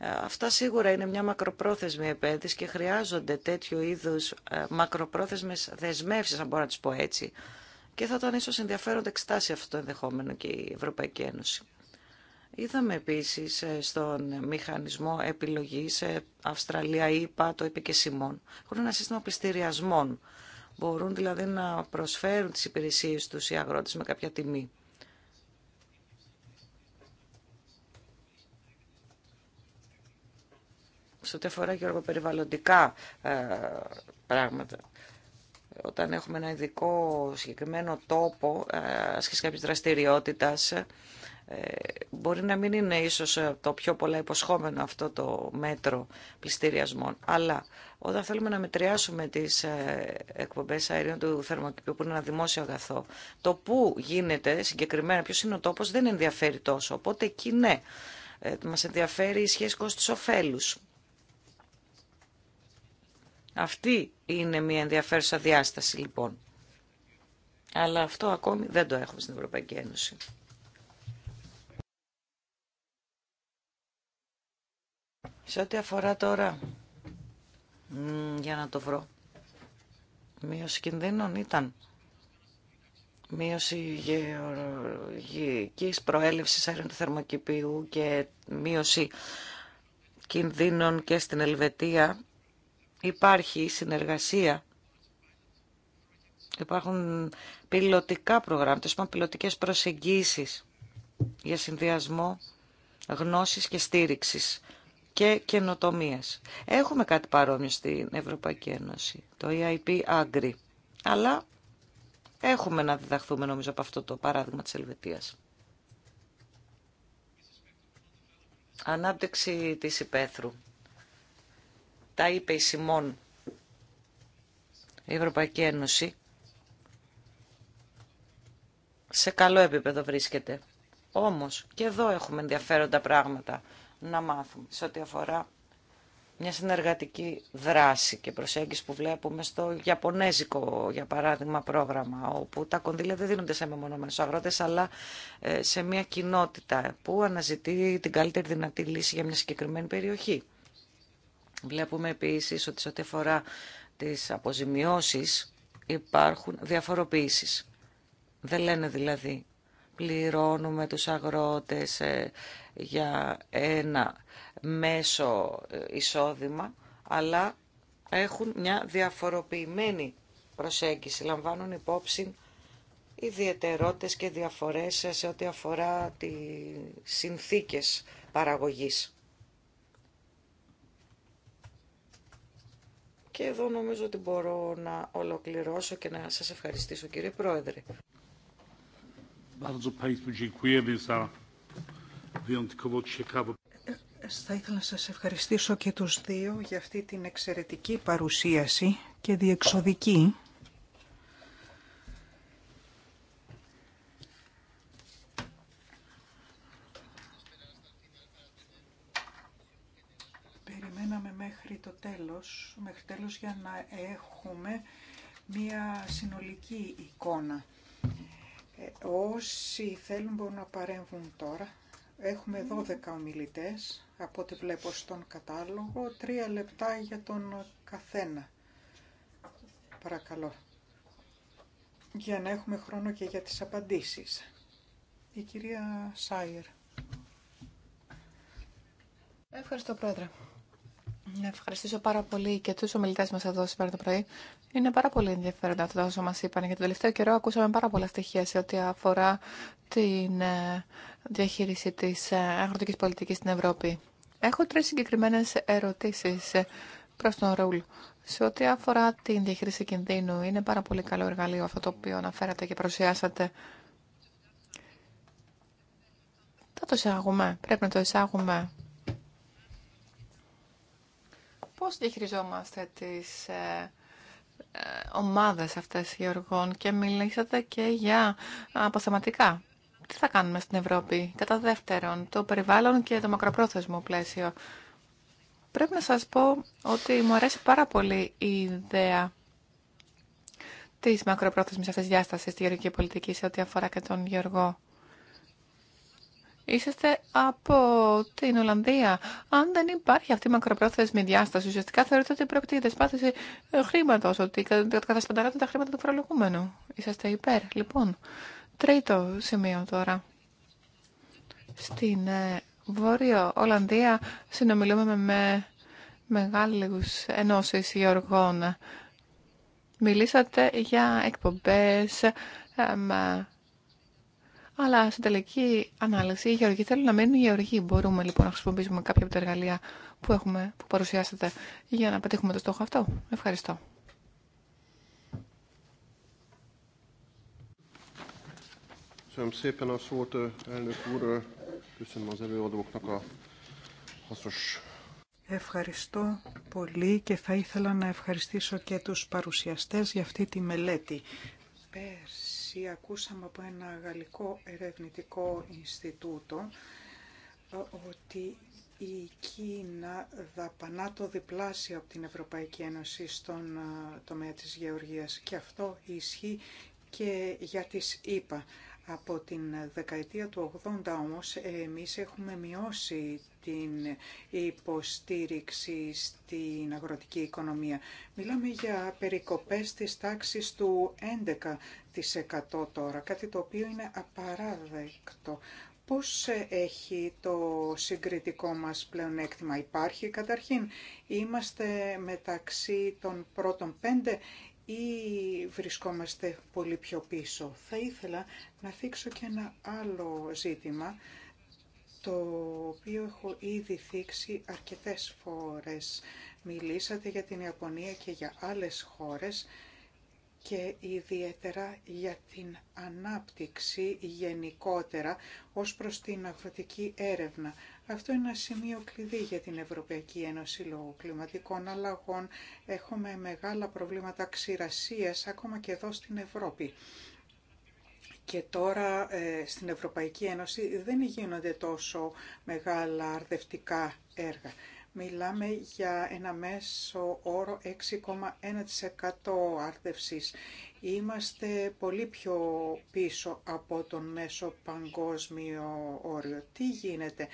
Αυτά σίγουρα είναι μια μακροπρόθεσμη επένδυση και χρειάζονται τέτοιου είδους ε, μακροπρόθεσμες δεσμεύσεις, αν μπορώ να τις πω έτσι. Και θα ήταν ίσως ενδιαφέροντα εξετάσει αυτό το ενδεχόμενο και η Ευρωπαϊκή Ένωση. Είδαμε επίσης ε, στον μηχανισμό επιλογής ε, Αυστραλία ή το είπε και Σιμών, έχουν ένα σύστημα πληστηριασμών. Μπορούν δηλαδή να προσφέρουν τις υπηρεσίες του οι αγρότες με κάποια τιμή. σε ό,τι αφορά και εργοπεριβαλλοντικά ε, πράγματα. Όταν έχουμε ένα ειδικό συγκεκριμένο τόπο άσκηση ε, κάποιες δραστηριότητας, ε, μπορεί να μην είναι ίσως το πιο πολλά υποσχόμενο αυτό το μέτρο πληστηριασμών, αλλά όταν θέλουμε να μετριάσουμε τις εκπομπές αερίων του θερμοκηπίου που είναι ένα δημόσιο αγαθό, το που γίνεται συγκεκριμένα, ποιος είναι ο τόπος δεν ενδιαφέρει τόσο. Οπότε εκεί ναι, μας ενδιαφέρει η σχεση κοστος κόστους-οφέλους. Αυτή είναι μια ενδιαφέρουσα διάσταση λοιπόν. Αλλά αυτό ακόμη δεν το έχουμε στην Ευρωπαϊκή Ένωση. Σε ό,τι αφορά τώρα, για να το βρω, μείωση κινδύνων ήταν μείωση γεωργικής προέλευσης αέριων και μείωση κινδύνων και στην Ελβετία υπάρχει συνεργασία. Υπάρχουν πιλωτικά προγράμματα, υπάρχουν πιλωτικές προσεγγίσεις για συνδυασμό γνώσης και στήριξης και καινοτομία. Έχουμε κάτι παρόμοιο στην Ευρωπαϊκή Ένωση, το EIP ε Agri, αλλά έχουμε να διδαχθούμε νομίζω από αυτό το παράδειγμα της Ελβετίας. Ανάπτυξη της υπαίθρου. Τα είπε η Σιμών, η Ευρωπαϊκή Ένωση. Σε καλό επίπεδο βρίσκεται. Όμως και εδώ έχουμε ενδιαφέροντα πράγματα να μάθουμε σε ό,τι αφορά μια συνεργατική δράση και προσέγγιση που βλέπουμε στο Ιαπωνέζικο, για παράδειγμα, πρόγραμμα, όπου τα κονδύλια δεν δίνονται σε μεμονωμένους αγρότες, αλλά ε, σε μια κοινότητα που αναζητεί την καλύτερη δυνατή λύση για μια συγκεκριμένη περιοχή. Βλέπουμε επίσης ότι σε ό,τι αφορά τις αποζημιώσεις υπάρχουν διαφοροποίησεις. Δεν λένε δηλαδή πληρώνουμε τους αγρότες ε, για ένα μέσο ε, εισόδημα, αλλά έχουν μια διαφοροποιημένη προσέγγιση. Λαμβάνουν υπόψη ιδιαιτερότητες και διαφορές σε ό,τι αφορά τις συνθήκες παραγωγής. Και εδώ νομίζω ότι μπορώ να ολοκληρώσω και να σας ευχαριστήσω κύριε Πρόεδρε. Θα ήθελα να σας ευχαριστήσω και τους δύο για αυτή την εξαιρετική παρουσίαση και διεξοδική το τέλος, μέχρι τέλος για να έχουμε μία συνολική εικόνα. Ε, όσοι θέλουν μπορούν να παρέμβουν τώρα. Έχουμε 12 ομιλητές, από ό,τι βλέπω στον κατάλογο, Τρία λεπτά για τον καθένα. Παρακαλώ. Για να έχουμε χρόνο και για τις απαντήσεις. Η κυρία Σάιερ. Ευχαριστώ, Πρόεδρε. Να ευχαριστήσω πάρα πολύ και του ομιλητέ μα εδώ σήμερα το πρωί. Είναι πάρα πολύ ενδιαφέροντα αυτό όσα μα είπαν. Για τον τελευταίο καιρό ακούσαμε πάρα πολλά στοιχεία σε ό,τι αφορά την ε, διαχείριση τη ε, αγροτική πολιτική στην Ευρώπη. Έχω τρει συγκεκριμένε ερωτήσει ε, προ τον Ρούλ. Σε ό,τι αφορά την διαχείριση κινδύνου, είναι πάρα πολύ καλό εργαλείο αυτό το οποίο αναφέρατε και παρουσιάσατε. Θα το εισάγουμε, πρέπει να το εισάγουμε πώς διαχειριζόμαστε τις ε, ε, ομάδες αυτές γεωργών και μιλήσατε και για αποθεματικά. Τι θα κάνουμε στην Ευρώπη. Κατά δεύτερον, το περιβάλλον και το μακροπρόθεσμο πλαίσιο. Πρέπει να σας πω ότι μου αρέσει πάρα πολύ η ιδέα της μακροπρόθεσμης αυτής διάστασης στη γεωργική πολιτική σε ό,τι αφορά και τον Γεωργό. Είσαστε από την Ολλανδία. Αν δεν υπάρχει αυτή η μακροπρόθεσμη διάσταση, ουσιαστικά θεωρείτε ότι πρόκειται για δεσπάθηση ε, χρήματο, ότι κατασπαταλάτε τα χρήματα του προλογούμενου. Είσαστε υπέρ. Λοιπόν, τρίτο σημείο τώρα. Στην ε, Βόρειο Ολλανδία συνομιλούμε με μεγάλους ενώσεις γεωργών. Μιλήσατε για εκπομπές, αλλά στην τελική ανάλυση, οι γεωργοί θέλουν να μείνουν γεωργοί. Μπορούμε λοιπόν να χρησιμοποιήσουμε κάποια από τα εργαλεία που, έχουμε, που παρουσιάσατε για να πετύχουμε το στόχο αυτό. Ευχαριστώ. Ευχαριστώ πολύ και θα ήθελα να ευχαριστήσω και τους παρουσιαστές για αυτή τη μελέτη ακούσαμε από ένα γαλλικό ερευνητικό Ινστιτούτο ε, ότι η Κίνα δαπανά το διπλάσιο από την Ευρωπαϊκή Ένωση στον ε, τομέα της γεωργίας και αυτό ισχύει και για τις ΗΠΑ. Από την δεκαετία του 80 όμως εμείς έχουμε μειώσει την υποστήριξη στην αγροτική οικονομία. Μιλάμε για περικοπές της τάξης του 11% τώρα, κάτι το οποίο είναι απαράδεκτο. Πώς έχει το συγκριτικό μας πλεονέκτημα υπάρχει καταρχήν. Είμαστε μεταξύ των πρώτων πέντε ή βρισκόμαστε πολύ πιο πίσω. Θα ήθελα να θίξω και ένα άλλο ζήτημα, το οποίο έχω ήδη θίξει αρκετές φορές. Μιλήσατε για την Ιαπωνία και για άλλες χώρες και ιδιαίτερα για την ανάπτυξη γενικότερα ως προς την αγροτική έρευνα. Αυτό είναι ένα σημείο κλειδί για την Ευρωπαϊκή Ένωση λόγω κλιματικών αλλαγών. Έχουμε μεγάλα προβλήματα ξηρασίας ακόμα και εδώ στην Ευρώπη. Και τώρα ε, στην Ευρωπαϊκή Ένωση δεν γίνονται τόσο μεγάλα αρδευτικά έργα. Μιλάμε για ένα μέσο όρο 6,1% άρδευσης. Είμαστε πολύ πιο πίσω από τον μέσο παγκόσμιο όριο. Τι γίνεται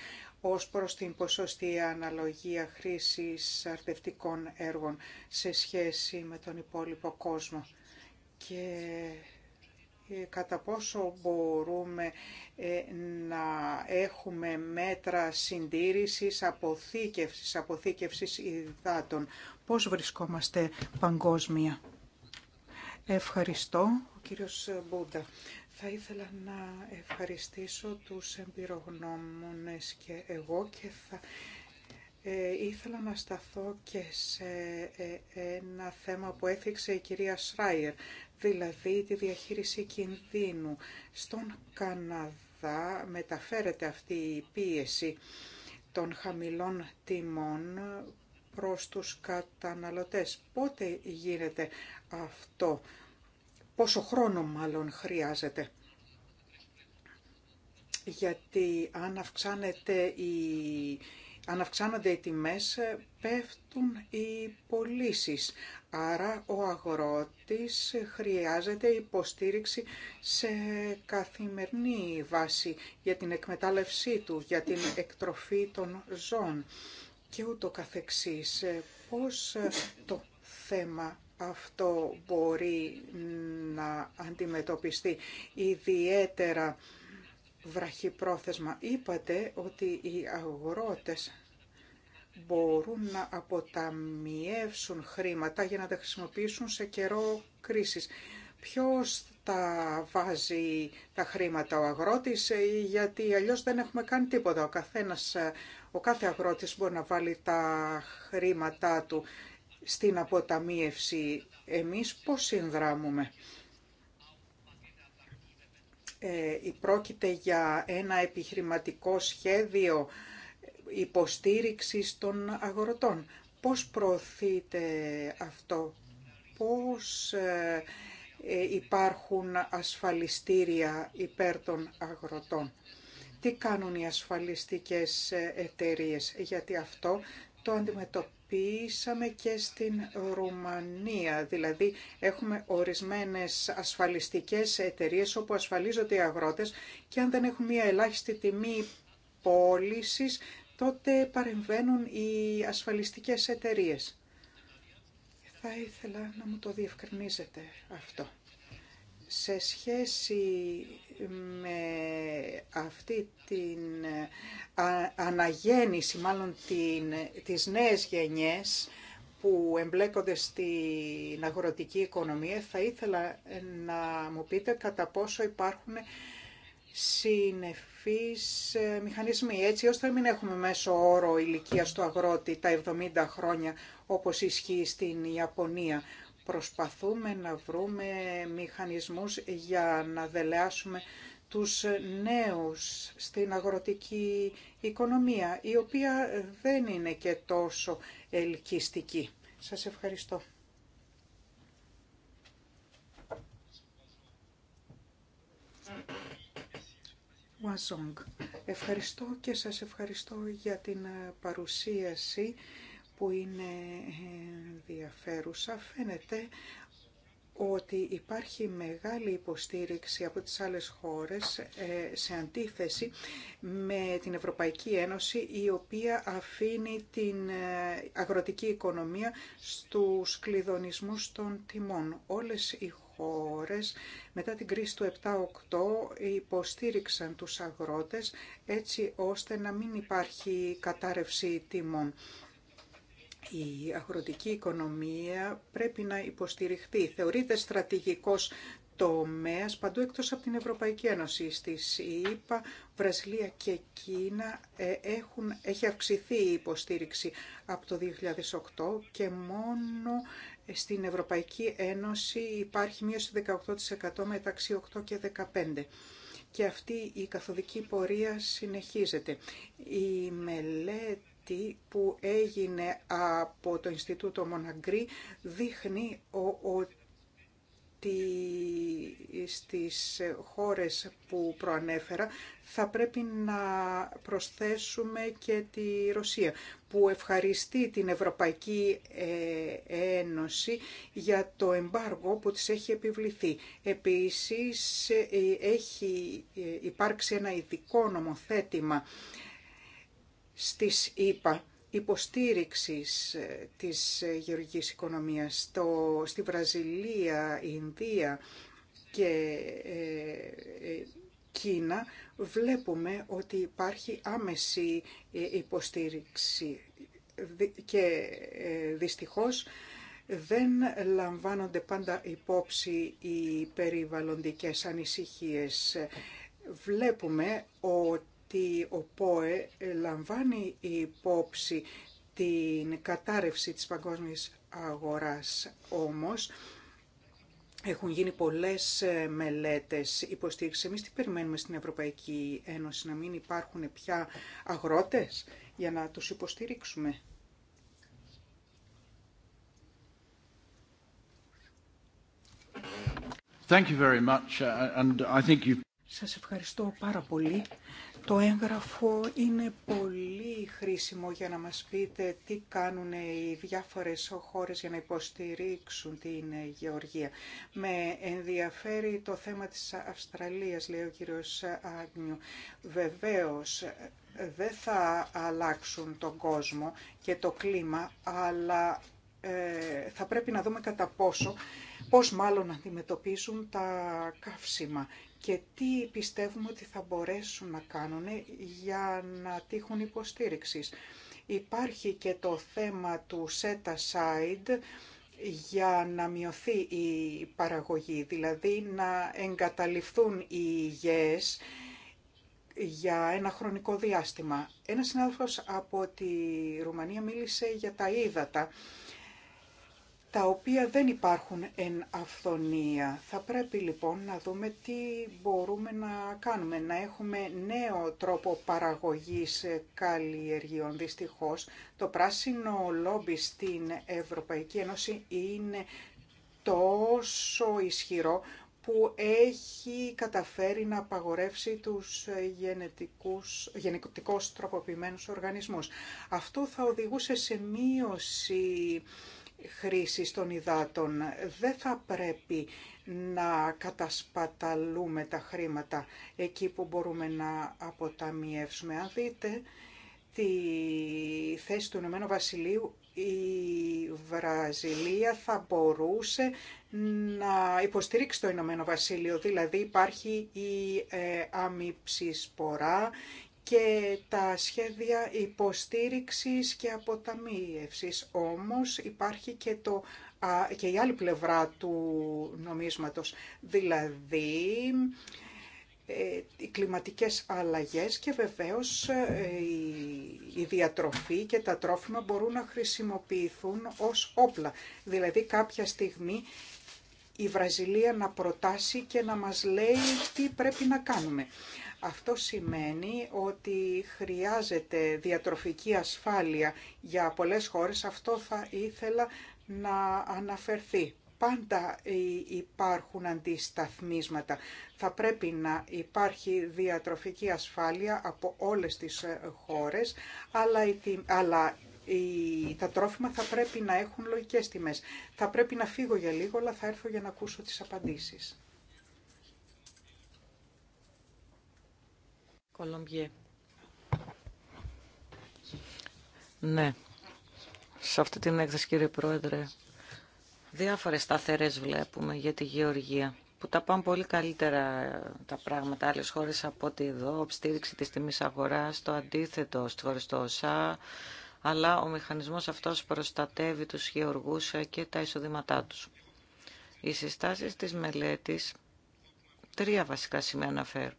ως προς την ποσοστή αναλογία χρήσης αρτευτικών έργων σε σχέση με τον υπόλοιπο κόσμο και ε, κατά πόσο μπορούμε ε, να έχουμε μέτρα συντήρησης, αποθήκευσης, αποθήκευσης υδάτων. Πώς βρισκόμαστε παγκόσμια. Ευχαριστώ, ο κύριος Μπούντα. Θα ήθελα να ευχαριστήσω τους εμπειρογνώμονες και εγώ και θα ε, ήθελα να σταθώ και σε ε, ένα θέμα που έθιξε η κυρία Σράιερ, δηλαδή τη διαχείριση κινδύνου. Στον Καναδά μεταφέρεται αυτή η πίεση των χαμηλών τιμών προς τους καταναλωτές. Πότε γίνεται αυτό πόσο χρόνο μάλλον χρειάζεται. Γιατί αν, αυξάνεται η, αν αυξάνονται οι τιμές πέφτουν οι πωλήσει. Άρα ο αγρότης χρειάζεται υποστήριξη σε καθημερινή βάση για την εκμετάλλευσή του, για την εκτροφή των ζώων και ούτω καθεξής. Πώς το θέμα αυτό μπορεί να αντιμετωπιστεί ιδιαίτερα βραχυπρόθεσμα. Είπατε ότι οι αγρότες μπορούν να αποταμιεύσουν χρήματα για να τα χρησιμοποιήσουν σε καιρό κρίσης. Ποιος τα βάζει τα χρήματα ο αγρότης, ε, γιατί αλλιώς δεν έχουμε κάνει τίποτα. Ο, καθένας, ε, ο κάθε αγρότης μπορεί να βάλει τα χρήματά του στην αποταμίευση. Εμείς πώς συνδράμουμε. Ε, πρόκειται για ένα επιχειρηματικό σχέδιο υποστήριξης των αγροτών. Πώς προωθείται αυτό, πώς ε, ε, υπάρχουν ασφαλιστήρια υπέρ των αγροτών. Τι κάνουν οι ασφαλιστικές ε, εταιρείες, γιατί αυτό το αντιμετωπίζουν Πίσαμε και στην Ρουμανία. Δηλαδή έχουμε ορισμένες ασφαλιστικές εταιρείες όπου ασφαλίζονται οι αγρότες και αν δεν έχουν μια ελάχιστη τιμή πώληση, τότε παρεμβαίνουν οι ασφαλιστικές εταιρείες. Θα ήθελα να μου το διευκρινίζετε αυτό. Σε σχέση με αυτή την αναγέννηση, μάλλον την, τις νέες γενιές που εμπλέκονται στην αγροτική οικονομία, θα ήθελα να μου πείτε κατά πόσο υπάρχουν συνεφείς ε, μηχανισμοί, έτσι ώστε να μην έχουμε μέσο όρο ηλικία του αγρότη τα 70 χρόνια όπως ισχύει στην Ιαπωνία, Προσπαθούμε να βρούμε μηχανισμούς για να δελεάσουμε τους νέους στην αγροτική οικονομία, η οποία δεν είναι και τόσο ελκυστική. Σας ευχαριστώ. Ευχαριστώ και σας ευχαριστώ για την παρουσίαση που είναι ε, ενδιαφέρουσα. Φαίνεται ότι υπάρχει μεγάλη υποστήριξη από τις άλλες χώρες ε, σε αντίθεση με την Ευρωπαϊκή Ένωση η οποία αφήνει την ε, αγροτική οικονομία στους κλειδονισμούς των τιμών. Όλες οι χώρες μετά την κρίση του 7-8 υποστήριξαν τους αγρότες έτσι ώστε να μην υπάρχει κατάρρευση τιμών. Η αγροτική οικονομία πρέπει να υποστηριχθεί. Θεωρείται στρατηγικός τομέας παντού εκτός από την Ευρωπαϊκή Ένωση. Στις ΗΠΑ, Βραζιλία και Κίνα ε, έχουν, έχει αυξηθεί η υποστήριξη από το 2008 και μόνο στην Ευρωπαϊκή Ένωση υπάρχει μείωση 18% μεταξύ 8 και 15% και αυτή η καθοδική πορεία συνεχίζεται. Η μελέτη που έγινε από το Ινστιτούτο Μοναγκρή δείχνει ότι στις χώρες που προανέφερα θα πρέπει να προσθέσουμε και τη Ρωσία που ευχαριστεί την Ευρωπαϊκή ε, Ένωση για το εμπάργο που της έχει επιβληθεί. Επίσης ε, έχει ε, υπάρξει ένα ειδικό νομοθέτημα στις ΗΠΑ υποστήριξης ε, της ε, γεωργικής οικονομίας στο, στη Βραζιλία, Ινδία και ε, Κίνα βλέπουμε ότι υπάρχει άμεση υποστήριξη και δυστυχώς δεν λαμβάνονται πάντα υπόψη οι περιβαλλοντικές ανησυχίες. Βλέπουμε ότι ότι ο ΠΟΕ ε, λαμβάνει υπόψη την κατάρρευση της παγκόσμιας αγοράς όμως έχουν γίνει πολλές ε, μελέτες υποστήριξης. Εμείς τι περιμένουμε στην Ευρωπαϊκή Ένωση, να μην υπάρχουν πια αγρότες για να τους υποστήριξουμε. Thank uh, Σας ευχαριστώ πάρα πολύ. Το έγγραφο είναι πολύ χρήσιμο για να μας πείτε τι κάνουν οι διάφορες χώρες για να υποστηρίξουν την γεωργία. Με ενδιαφέρει το θέμα της Αυστραλίας, λέει ο κύριος Άγνιου. Βεβαίως, δεν θα αλλάξουν τον κόσμο και το κλίμα, αλλά ε, θα πρέπει να δούμε κατά πόσο, πώς μάλλον αντιμετωπίζουν τα καύσιμα και τι πιστεύουμε ότι θα μπορέσουν να κάνουν για να τύχουν υποστήριξης. Υπάρχει και το θέμα του set aside για να μειωθεί η παραγωγή, δηλαδή να εγκαταλειφθούν οι υγιές για ένα χρονικό διάστημα. Ένας συνάδελφος από τη Ρουμανία μίλησε για τα ύδατα τα οποία δεν υπάρχουν εν αυθονία. Θα πρέπει λοιπόν να δούμε τι μπορούμε να κάνουμε, να έχουμε νέο τρόπο παραγωγής καλλιεργειών. Δυστυχώς το πράσινο λόμπι στην Ευρωπαϊκή Ένωση είναι τόσο ισχυρό που έχει καταφέρει να απαγορεύσει τους γενετικούς, τροποποιημένου τροποποιημένους οργανισμούς. Αυτό θα οδηγούσε σε μείωση Χρήση των υδάτων. Δεν θα πρέπει να κατασπαταλούμε τα χρήματα εκεί που μπορούμε να αποταμιεύσουμε. Αν δείτε τη θέση του Ηνωμένου Βασιλείου, η Βραζιλία θα μπορούσε να υποστηρίξει το Ηνωμένο Βασίλειο. Δηλαδή υπάρχει η ε, αμυψισπορά, και τα σχέδια υποστήριξης και αποταμίευσης. Όμως υπάρχει και, το, και η άλλη πλευρά του νομίσματος, δηλαδή ε, οι κλιματικές αλλαγές και βεβαίως ε, η διατροφή και τα τρόφιμα μπορούν να χρησιμοποιηθούν ως όπλα. Δηλαδή κάποια στιγμή η Βραζιλία να προτάσει και να μας λέει τι πρέπει να κάνουμε. Αυτό σημαίνει ότι χρειάζεται διατροφική ασφάλεια για πολλές χώρες. Αυτό θα ήθελα να αναφερθεί. Πάντα ε, υπάρχουν αντισταθμίσματα. Θα πρέπει να υπάρχει διατροφική ασφάλεια από όλες τις ε, χώρες, αλλά τα τρόφιμα θα πρέπει να έχουν λογικές τιμές. Θα πρέπει να φύγω για λίγο, αλλά θα έρθω για να ακούσω τις απαντήσεις. Κολομπιέ. Ναι. Σε αυτή την έκθεση, κύριε Πρόεδρε, διάφορες σταθερές βλέπουμε για τη γεωργία που τα πάνε πολύ καλύτερα ε, τα πράγματα άλλες χώρες από ότι εδώ, στήριξη της τιμής αγοράς, το αντίθετο στη χώρα στο ΩΣΑ, αλλά ο μηχανισμός αυτός προστατεύει τους γεωργούς ε, και τα εισοδήματά τους. Οι συστάσεις της μελέτης τρία βασικά σημεία αναφέρουν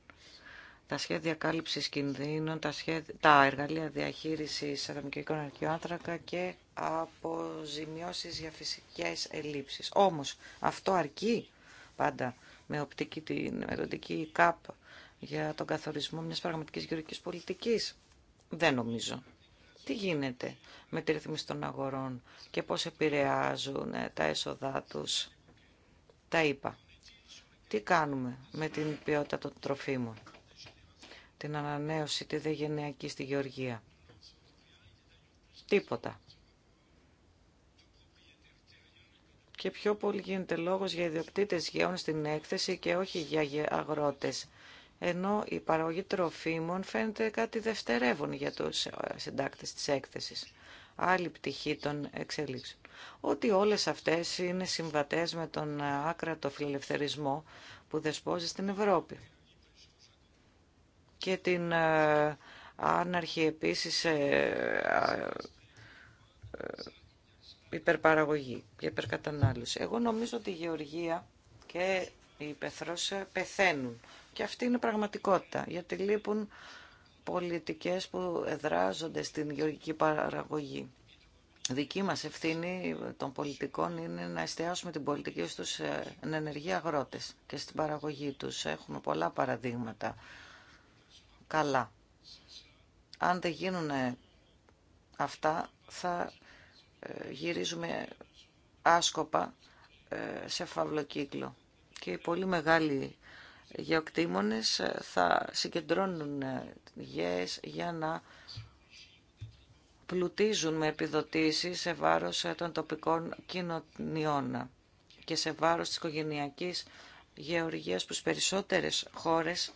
τα σχέδια κάλυψης κινδύνων, τα, σχέδια, τα εργαλεία διαχείρισης ατομικοικών αρχείων άνθρακα και αποζημιώσεις για φυσικές ελλείψεις. Όμως αυτό αρκεί πάντα με οπτική την μελλοντική ΚΑΠ για τον καθορισμό μιας πραγματικής γεωργικής πολιτικής. Δεν νομίζω. Τι γίνεται με τη ρυθμίση των αγορών και πώς επηρεάζουν τα έσοδά τους. Τα είπα. Τι κάνουμε με την ποιότητα των τροφίμων την ανανέωση τη δεγενειακή στη Γεωργία. Τίποτα. Και πιο πολύ γίνεται λόγος για ιδιοκτήτες γεών στην έκθεση και όχι για αγρότες. Ενώ η παραγωγή τροφίμων φαίνεται κάτι δευτερεύον για τους ε, συντάκτες της έκθεσης. Άλλη πτυχή των εξελίξεων. Ότι όλες αυτές είναι συμβατές με τον ε, άκρατο φιλελευθερισμό που δεσπόζει στην Ευρώπη και την ε, άναρχη επίσης ε, ε, υπερπαραγωγή και υπερκατανάλωση. Εγώ νομίζω ότι η γεωργία και η υπεθρός πεθαίνουν και αυτή είναι πραγματικότητα γιατί λείπουν πολιτικές που εδράζονται στην γεωργική παραγωγή. Δική μας ευθύνη των πολιτικών είναι να εστιάσουμε την πολιτική στους ενεργοί αγρότες και στην παραγωγή τους. Έχουμε πολλά παραδείγματα καλά. Αν δεν γίνουν αυτά, θα ε, γυρίζουμε άσκοπα ε, σε φαυλοκύκλο. Και οι πολύ μεγάλοι γεωκτήμονες ε, θα συγκεντρώνουν γέες για να πλουτίζουν με επιδοτήσεις σε βάρος των τοπικών κοινωνιών και σε βάρος της οικογενειακής γεωργίας που στις περισσότερες χώρες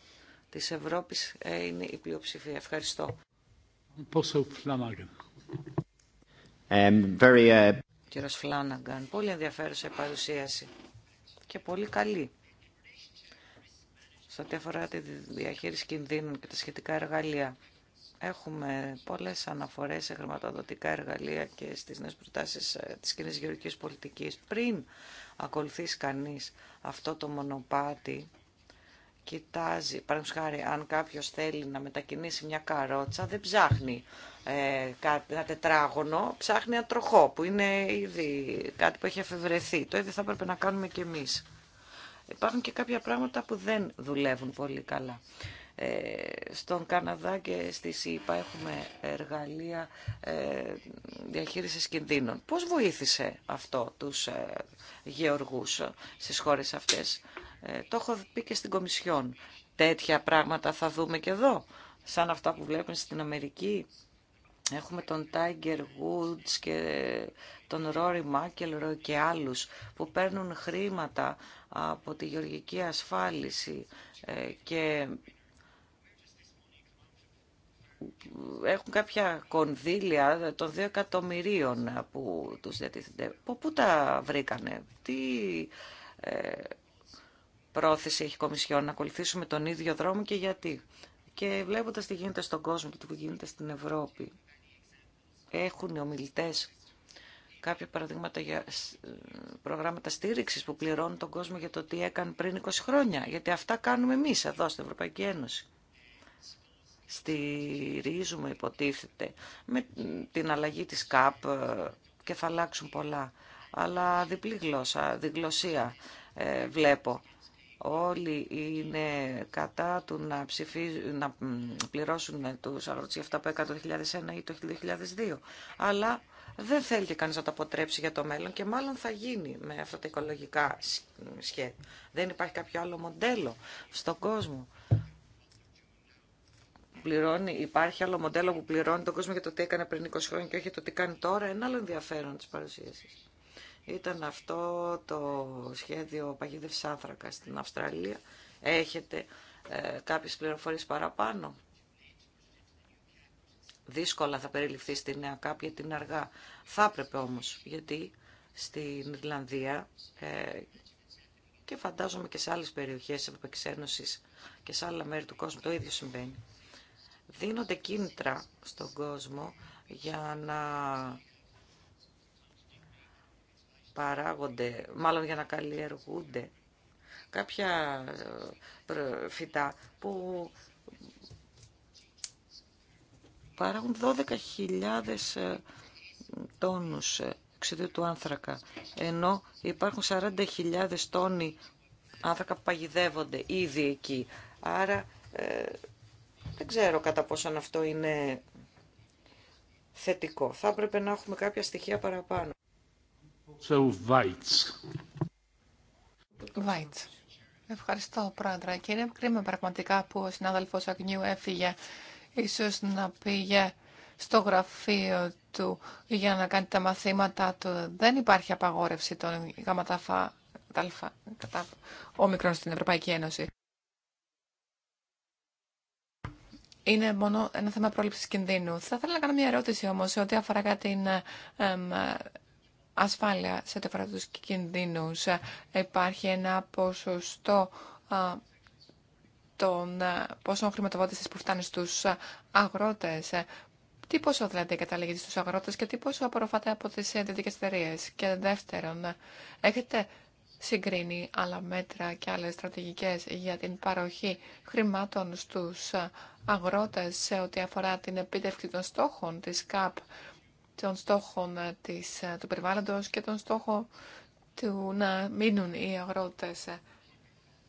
της Ευρώπης ε, είναι η πλειοψηφία. Ευχαριστώ. Ε, Κύριος Φλάναγκαν, πολύ ενδιαφέρουσα η παρουσίαση και πολύ καλή. Σε ό,τι αφορά τη διαχείριση κινδύνων και τα σχετικά εργαλεία, έχουμε πολλές αναφορές σε χρηματοδοτικά εργαλεία και στις νέες προτάσεις ε, της κοινής γεωργικής πολιτικής. Πριν ακολουθήσει κανείς αυτό το μονοπάτι κοιτάζει, παραδείγματος χάρη, αν κάποιος θέλει να μετακινήσει μια καρότσα, δεν ψάχνει ε, ένα τετράγωνο, ψάχνει ένα τροχό, που είναι ήδη κάτι που έχει εφευρεθεί. Το ίδιο θα έπρεπε να κάνουμε κι εμείς. Υπάρχουν και κάποια πράγματα που δεν δουλεύουν πολύ καλά. Ε, στον Καναδά και στη ΣΥΠΑ έχουμε εργαλεία ε, διαχείρισης κινδύνων. Πώς βοήθησε αυτό τους γεωργούς στις χώρες αυτές. Ε, το έχω πει και στην Κομισιόν. Τέτοια πράγματα θα δούμε και εδώ, σαν αυτά που βλέπουμε στην Αμερική. Έχουμε τον Tiger Woods και τον Rory McIlroy και άλλους που παίρνουν χρήματα από τη γεωργική ασφάλιση ε, και έχουν κάποια κονδύλια των 2 εκατομμυρίων που τους διατίθενται. Πού τα βρήκανε, τι ε, πρόθεση έχει η Κομισιόν να ακολουθήσουμε τον ίδιο δρόμο και γιατί. Και βλέποντας τι γίνεται στον κόσμο και τι γίνεται στην Ευρώπη, έχουν οι ομιλητές κάποια παραδείγματα για προγράμματα στήριξης που πληρώνουν τον κόσμο για το τι έκανε πριν 20 χρόνια. Γιατί αυτά κάνουμε εμείς εδώ στην Ευρωπαϊκή Ένωση. Στηρίζουμε, υποτίθεται, με την αλλαγή της ΚΑΠ ε, και θα αλλάξουν πολλά. Αλλά διπλή γλώσσα, διγλωσία ε, βλέπω όλοι είναι κατά του να, να πληρώσουν τους αγρότες για αυτά που έκανε το 2001 ή το 2002. Αλλά δεν θέλει κανείς να το αποτρέψει για το μέλλον και μάλλον θα γίνει με αυτά τα οικολογικά σχέδια. Δεν υπάρχει κάποιο άλλο μοντέλο στον κόσμο. Πληρώνει, υπάρχει άλλο μοντέλο που πληρώνει τον κόσμο για το τι έκανε πριν 20 χρόνια και όχι το τι κάνει τώρα. Ένα άλλο ενδιαφέρον της παρουσίασης ήταν αυτό το σχέδιο παγίδευσης άνθρακα στην Αυστραλία. Έχετε ε, κάποιες πληροφορίες παραπάνω. Δύσκολα θα περιληφθεί στη νέα κάποια την αργά. Θα έπρεπε όμως, γιατί στην Ιρλανδία ε, και φαντάζομαι και σε άλλες περιοχές της και σε άλλα μέρη του κόσμου το ίδιο συμβαίνει. Δίνονται κίνητρα στον κόσμο για να παράγονται, μάλλον για να καλλιεργούνται κάποια ε, φυτά που παράγουν 12.000 ε, τόνους οξυδίου ε, του άνθρακα, ενώ υπάρχουν 40.000 τόνοι άνθρακα που παγιδεύονται ήδη εκεί. Άρα δεν ξέρω κατά πόσον αυτό είναι θετικό. Θα έπρεπε να έχουμε κάποια στοιχεία παραπάνω. Ευχαριστώ, Πρόεδρε. Και είναι κρίμα πραγματικά που ο συνάδελφος Αγνιού έφυγε. Ίσως να πήγε στο γραφείο του για να κάνει τα μαθήματά του. Δεν υπάρχει απαγόρευση των γαματάφα κατά όμικρον στην Ευρωπαϊκή Ένωση. Είναι μόνο ένα θέμα πρόληψης κινδύνου. Θα ήθελα να κάνω μια ερώτηση όμως ό,τι αφορά την ασφάλεια σε τεφαρά τους κινδύνους. Υπάρχει ένα ποσοστό των πόσων χρηματοδότησης που φτάνει στους αγρότες. Τι πόσο δηλαδή καταλήγεται στους αγρότες και τι πόσο απορροφάται από τις ιδιωτικές ε, εταιρείε. Και δεύτερον, έχετε συγκρίνει άλλα μέτρα και άλλες στρατηγικές για την παροχή χρημάτων στους αγρότες σε ό,τι αφορά την επίτευξη των στόχων της ΚΑΠ των στόχων της, ε, του περιβάλλοντος και τον στόχο του να μείνουν οι αγρότες ε,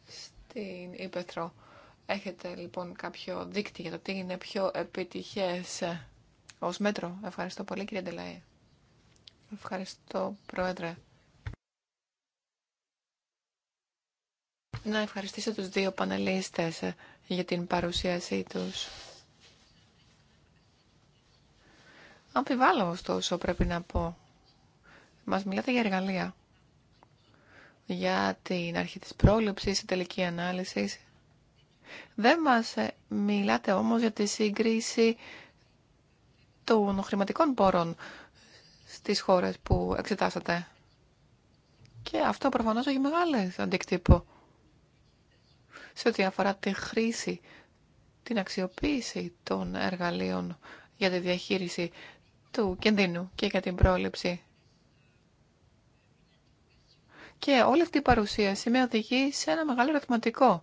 στην Ήπεθρο. Έχετε λοιπόν κάποιο δίκτυο για το τι είναι πιο επιτυχές ε, ως μέτρο. Ευχαριστώ πολύ κυρία Ντελαή. Ευχαριστώ πρόεδρε. Να ευχαριστήσω τους δύο πανελίστες για την παρουσίασή τους. Αμφιβάλλω ωστόσο πρέπει να πω. Μας μιλάτε για εργαλεία. Για την αρχή της πρόληψης, η τελική ανάλυση. Δεν μας ε, μιλάτε όμως για τη σύγκριση των χρηματικών πόρων στις χώρες που εξετάσατε. Και αυτό προφανώς έχει μεγάλες αντικτύπω σε ό,τι αφορά τη χρήση, την αξιοποίηση των εργαλείων για τη διαχείριση του κινδύνου και για την πρόληψη. Και όλη αυτή η παρουσίαση με οδηγεί σε ένα μεγάλο ερωτηματικό.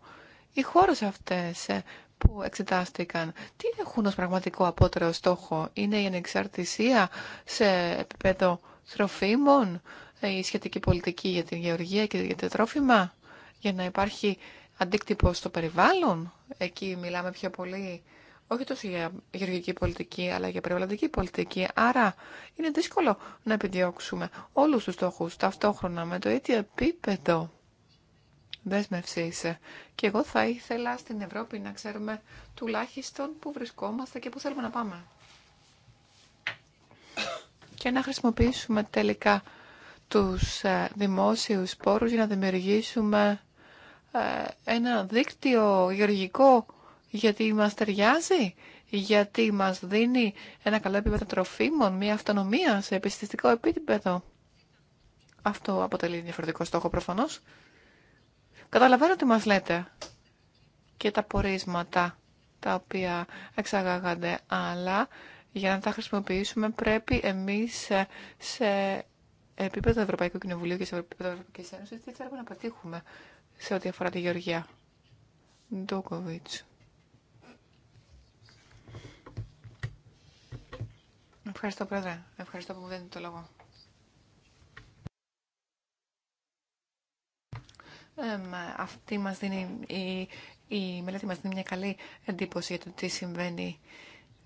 Οι χώρες αυτές ε, που εξετάστηκαν, τι έχουν ως πραγματικό απότερο στόχο. Είναι η ανεξαρτησία σε επίπεδο τροφίμων, ε, η σχετική πολιτική για την γεωργία και για τα τρόφιμα, για να υπάρχει αντίκτυπο στο περιβάλλον. Εκεί μιλάμε πιο πολύ όχι τόσο για γεωργική πολιτική, αλλά για περιβαλλοντική πολιτική. Άρα είναι δύσκολο να επιδιώξουμε όλους τους στόχους ταυτόχρονα με το ίδιο επίπεδο δέσμευσή. Και εγώ θα ήθελα στην Ευρώπη να ξέρουμε τουλάχιστον πού βρισκόμαστε και πού θέλουμε να πάμε. Και να χρησιμοποιήσουμε τελικά τους ε, δημόσιους πόρους για να δημιουργήσουμε ε, ένα δίκτυο γεωργικό γιατί μας ταιριάζει, γιατί μας δίνει ένα καλό επίπεδο τροφίμων, μια αυτονομία σε επιστηστικό επίπεδο. Αυτό αποτελεί διαφορετικό στόχο προφανώς. Καταλαβαίνω τι μας λέτε και τα πορίσματα τα οποία εξαγάγανται, αλλά για να τα χρησιμοποιήσουμε πρέπει εμείς σε επίπεδο Ευρωπαϊκού Κοινοβουλίου και σε επίπεδο Ευρωπαϊκής Ένωσης τι θέλουμε να πετύχουμε σε ό,τι αφορά τη Γεωργία. Ντόκοβιτς. Ευχαριστώ, Πρόεδρε. Ευχαριστώ που μου δίνετε το λόγο. αυτή μας δίνει, η, η μελέτη μας δίνει μια καλή εντύπωση για το τι συμβαίνει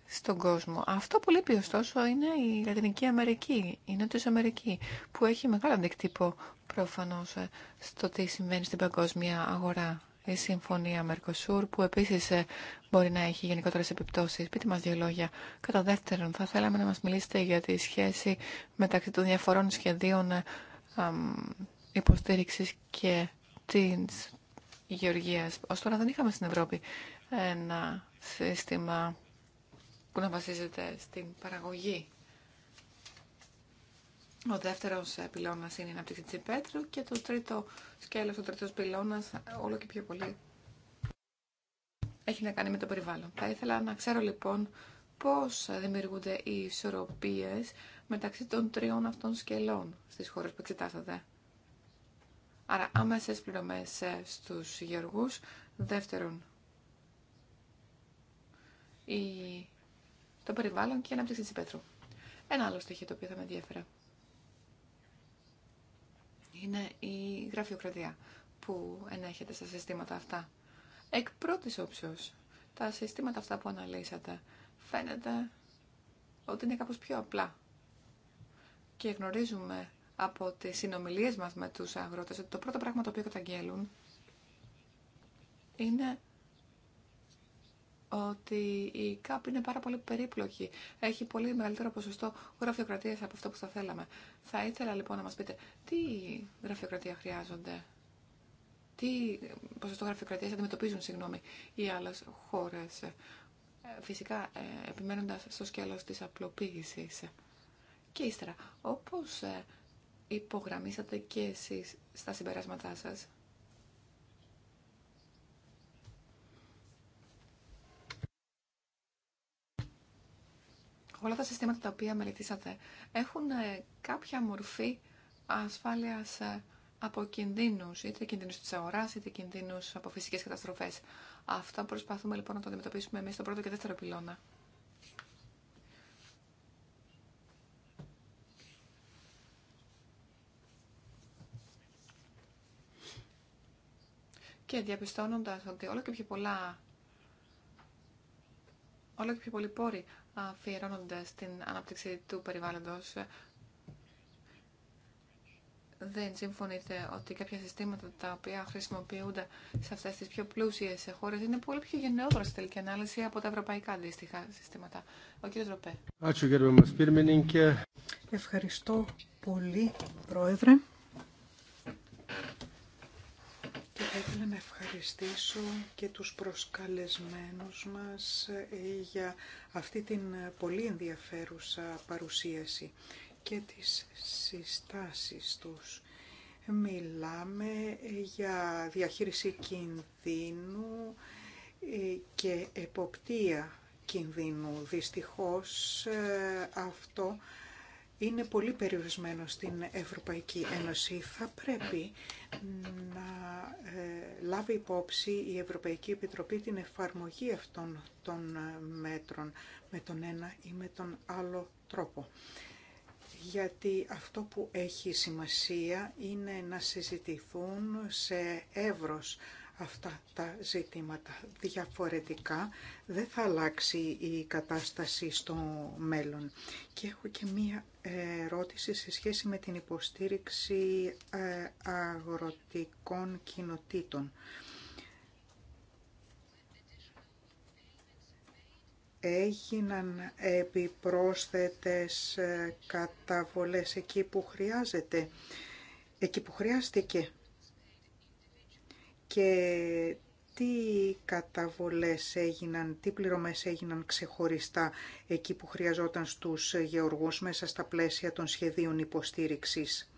στον κόσμο. Αυτό που λείπει ωστόσο είναι η Λατινική Αμερική, η Νότιος Αμερική, που έχει μεγάλο αντικτύπο προφανώς ε, στο τι συμβαίνει στην παγκόσμια αγορά η συμφωνία Μερκοσούρ που επίσης ε, μπορεί να έχει γενικότερε επιπτώσεις. Πείτε μας δύο λόγια. Κατά δεύτερον, θα θέλαμε να μας μιλήσετε για τη σχέση μεταξύ των διαφορών σχεδίων ε, υποστήριξη και τη γεωργία. Ω τώρα δεν είχαμε στην Ευρώπη ένα σύστημα που να βασίζεται στην παραγωγή ο δεύτερος πυλώνας είναι η ανάπτυξη τη υπέτρου και το τρίτο σκέλο ο τρίτος πυλώνας, όλο και πιο πολύ έχει να κάνει με το περιβάλλον. Θα ήθελα να ξέρω λοιπόν πώς δημιουργούνται οι ισορροπίε μεταξύ των τριών αυτών σκελών στις χώρε που εξετάσατε. Άρα άμεσε πληρωμέ ε, στου γεωργού Δεύτερον, το περιβάλλον και η ανάπτυξη τη υπέτρου. Ένα άλλο στοιχείο το οποίο θα με ενδιαφέρει είναι η γραφειοκρατία που ενέχεται στα συστήματα αυτά. Εκ πρώτης όψεως, τα συστήματα αυτά που αναλύσατε φαίνεται ότι είναι κάπως πιο απλά. Και γνωρίζουμε από τις συνομιλίες μας με τους αγρότες ότι το πρώτο πράγμα το οποίο καταγγέλουν είναι ότι η ΚΑΠ είναι πάρα πολύ περίπλοκη. Έχει πολύ μεγαλύτερο ποσοστό γραφειοκρατία από αυτό που θα θέλαμε. Θα ήθελα λοιπόν να μα πείτε τι γραφειοκρατία χρειάζονται, τι ποσοστό γραφειοκρατία αντιμετωπίζουν συγγνώμη, οι άλλε χώρε. Ε, φυσικά ε, επιμένοντα στο σκέλο τη απλοποίηση. Και ύστερα, όπω ε, υπογραμμίσατε και εσεί στα συμπεράσματά σα, όλα τα συστήματα τα οποία μελετήσατε έχουν ε, κάποια μορφή ασφάλειας ε, από κινδύνου, είτε κινδύνου τη αγορά, είτε κινδύνου από φυσικέ καταστροφέ. Αυτό προσπαθούμε λοιπόν να το αντιμετωπίσουμε εμεί στον πρώτο και δεύτερο πυλώνα. Και διαπιστώνοντα ότι όλο και πιο πολλά όλο και πιο πολλοί πόροι αφιερώνονται στην ανάπτυξη του περιβάλλοντος. Δεν συμφωνείτε ότι κάποια συστήματα τα οποία χρησιμοποιούνται σε αυτές τις πιο πλούσιες χώρες είναι πολύ πιο γενναιόδωρα στη τελική ανάλυση από τα ευρωπαϊκά αντίστοιχα συστήματα. Ο κ. Ροπέ. Ευχαριστώ πολύ, Πρόεδρε. ήθελα να ευχαριστήσω και τους προσκαλεσμένους μας ε, για αυτή την ε, πολύ ενδιαφέρουσα παρουσίαση και τις συστάσεις τους. Μιλάμε ε, για διαχείριση κινδύνου και εποπτεία κινδύνου. Δυστυχώς αυτό είναι πολύ περιορισμένο στην Ευρωπαϊκή Ένωση. Θα πρέπει να ε, λάβει υπόψη η Ευρωπαϊκή Επιτροπή την εφαρμογή αυτών των ε, μέτρων με τον ένα ή με τον άλλο τρόπο. Γιατί αυτό που έχει σημασία είναι να συζητηθούν σε εύρος αυτά τα ζητήματα. Διαφορετικά δεν θα αλλάξει η κατάσταση στο μέλλον. Και έχω και μία ερώτηση σε σχέση με την υποστήριξη ε, αγροτικών κοινοτήτων. έγιναν επιπρόσθετες ε, καταβολές εκεί που χρειάζεται, εκεί που χρειάστηκε και τι καταβολές έγιναν, τι πληρωμές έγιναν ξεχωριστά εκεί που χρειαζόταν στους γεωργούς μέσα στα πλαίσια των σχεδίων υποστήριξης.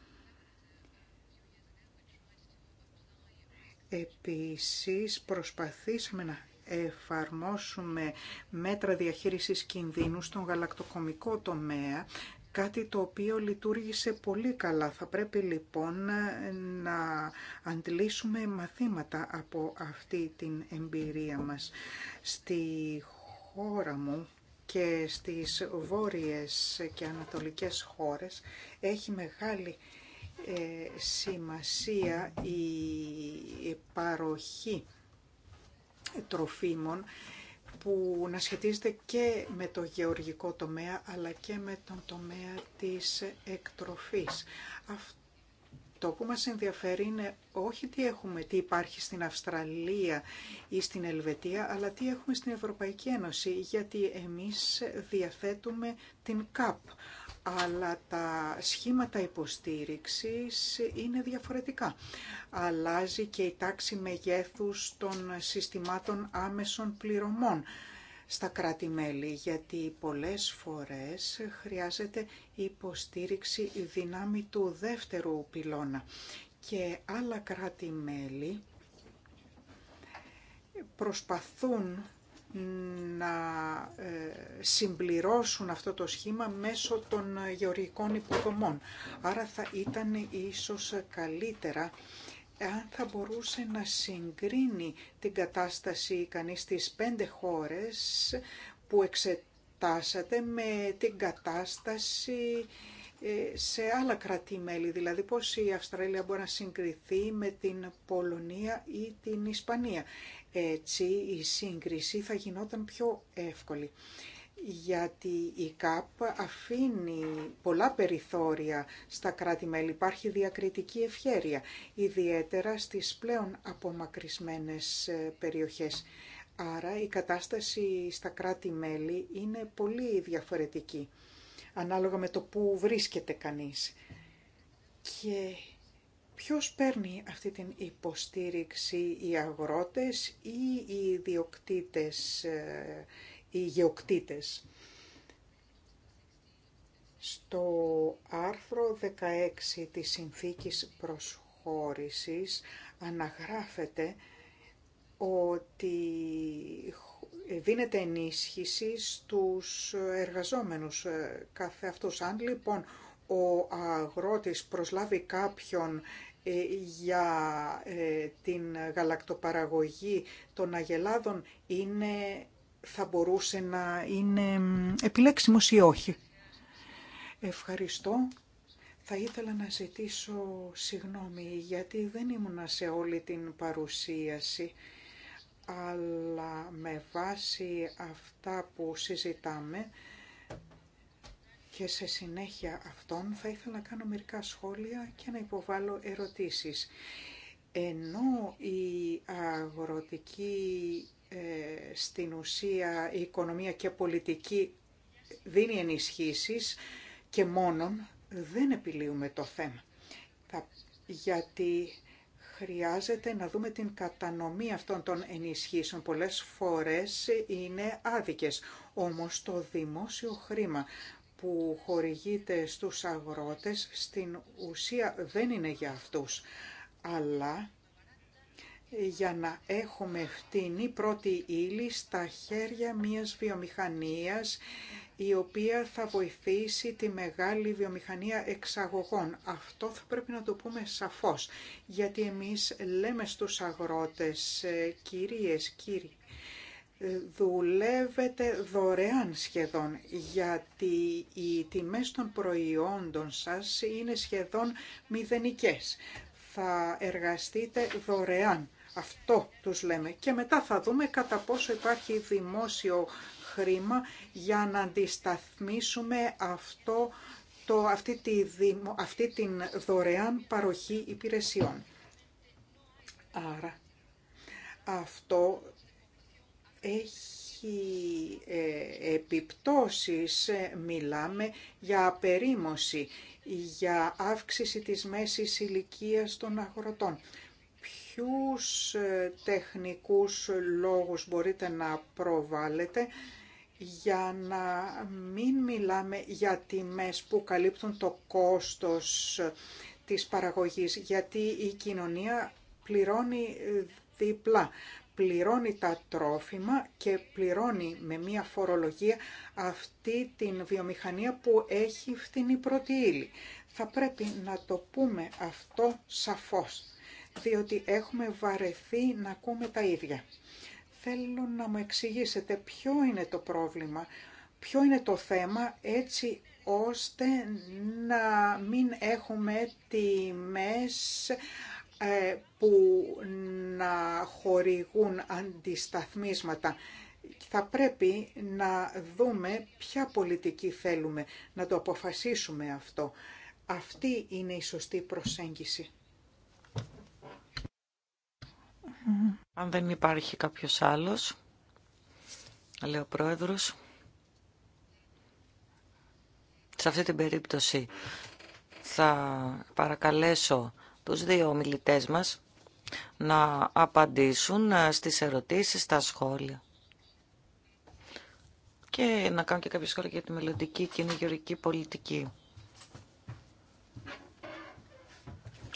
Επίσης προσπαθήσαμε να εφαρμόσουμε μέτρα διαχείρισης κινδύνου στον γαλακτοκομικό τομέα κάτι το οποίο λειτουργήσε πολύ καλά. Θα πρέπει λοιπόν να αντλήσουμε μαθήματα από αυτή την εμπειρία μας. Στη χώρα μου και στις βόρειες και ανατολικές χώρες έχει μεγάλη ε, σημασία η παροχή τροφίμων που να σχετίζεται και με το γεωργικό τομέα αλλά και με τον τομέα της εκτροφής. Αυτό που μας ενδιαφέρει είναι όχι τι έχουμε, τι υπάρχει στην Αυστραλία ή στην Ελβετία, αλλά τι έχουμε στην Ευρωπαϊκή Ένωση, γιατί εμείς διαθέτουμε την ΚΑΠ αλλά τα σχήματα υποστήριξης είναι διαφορετικά. Αλλάζει και η τάξη μεγέθους των συστημάτων άμεσων πληρωμών στα κράτη-μέλη, γιατί πολλές φορές χρειάζεται υποστήριξη δυνάμει του δεύτερου πυλώνα και άλλα κράτη-μέλη προσπαθούν να ε, συμπληρώσουν αυτό το σχήμα μέσω των γεωργικών υποδομών. Άρα θα ήταν ίσως καλύτερα αν θα μπορούσε να συγκρίνει την κατάσταση κανείς στις πέντε χώρες που εξετάσατε με την κατάσταση ε, σε άλλα κρατή-μέλη, δηλαδή πώς η Αυστραλία μπορεί να συγκριθεί με την Πολωνία ή την Ισπανία. Έτσι η σύγκριση θα γινόταν πιο εύκολη, γιατί η ΚΑΠ αφήνει πολλά περιθώρια στα κράτη-μέλη, υπάρχει διακριτική ευχέρεια, ιδιαίτερα στις πλέον απομακρυσμένες ε, περιοχές. Άρα η κατάσταση στα κράτη-μέλη είναι πολύ διαφορετική ανάλογα με το που βρίσκεται κανείς. Και ποιος παίρνει αυτή την υποστήριξη, οι αγρότες ή οι ιδιοκτήτες, ε, οι γεωκτήτες. Στο άρθρο 16 της Συνθήκης Προσχώρησης αναγράφεται ότι δίνεται ενίσχυση στους εργαζόμενους ε, κάθε αυτούς. Αν λοιπόν ο αγρότης προσλάβει κάποιον ε, για ε, την γαλακτοπαραγωγή των αγελάδων είναι, θα μπορούσε να είναι επιλέξιμος ή όχι. Ευχαριστώ. Θα ήθελα να ζητήσω συγγνώμη γιατί δεν ήμουνα σε όλη την παρουσίαση αλλά με βάση αυτά που συζητάμε και σε συνέχεια αυτών θα ήθελα να κάνω μερικά σχόλια και να υποβάλω ερωτήσεις. Ενώ η αγροτική ε, στην ουσία η οικονομία και πολιτική δίνει ενισχύσεις και μόνον δεν επιλύουμε το θέμα. γιατί Χρειάζεται να δούμε την κατανομή αυτών των ενισχύσεων. Πολλές φορές είναι άδικες, όμως το δημόσιο χρήμα που χορηγείται στους αγρότες στην ουσία δεν είναι για αυτούς, αλλά για να έχουμε φτηνή πρώτη ύλη στα χέρια μιας βιομηχανίας η οποία θα βοηθήσει τη μεγάλη βιομηχανία εξαγωγών. Αυτό θα πρέπει να το πούμε σαφώς, γιατί εμείς λέμε στους αγρότες, ε, κυρίες, κύριοι, ε, δουλεύετε δωρεάν σχεδόν, γιατί οι τιμές των προϊόντων σας είναι σχεδόν μηδενικές. Θα εργαστείτε δωρεάν. Αυτό τους λέμε. Και μετά θα δούμε κατά πόσο υπάρχει δημόσιο χρήμα για να αντισταθμίσουμε αυτό, το, αυτή, τη, αυτή την δωρεάν παροχή υπηρεσιών. Άρα, αυτό έχει ε, επιπτώσεις, ε, μιλάμε για απερίμωση, για αύξηση της μέσης ηλικίας των αγροτών. Ποιους ε, τεχνικούς λόγους μπορείτε να προβάλλετε για να μην μιλάμε για τιμές που καλύπτουν το κόστος της παραγωγής, γιατί η κοινωνία πληρώνει διπλά. Πληρώνει τα τρόφιμα και πληρώνει με μία φορολογία αυτή την βιομηχανία που έχει φθηνή πρώτη ύλη. Θα πρέπει να το πούμε αυτό σαφώς, διότι έχουμε βαρεθεί να ακούμε τα ίδια. Θέλω να μου εξηγήσετε ποιο είναι το πρόβλημα, ποιο είναι το θέμα έτσι ώστε να μην έχουμε τιμές ε, που να χορηγούν αντισταθμίσματα. Θα πρέπει να δούμε ποια πολιτική θέλουμε, να το αποφασίσουμε αυτό. Αυτή είναι η σωστή προσέγγιση. Αν δεν υπάρχει κάποιος άλλος, λέει ο πρόεδρος, σε αυτή την περίπτωση θα παρακαλέσω τους δύο ομιλητές μας να απαντήσουν ε, στις ερωτήσεις, στα σχόλια και να κάνω και κάποια σχόλια για τη μελλοντική κυνηγιορική πολιτική.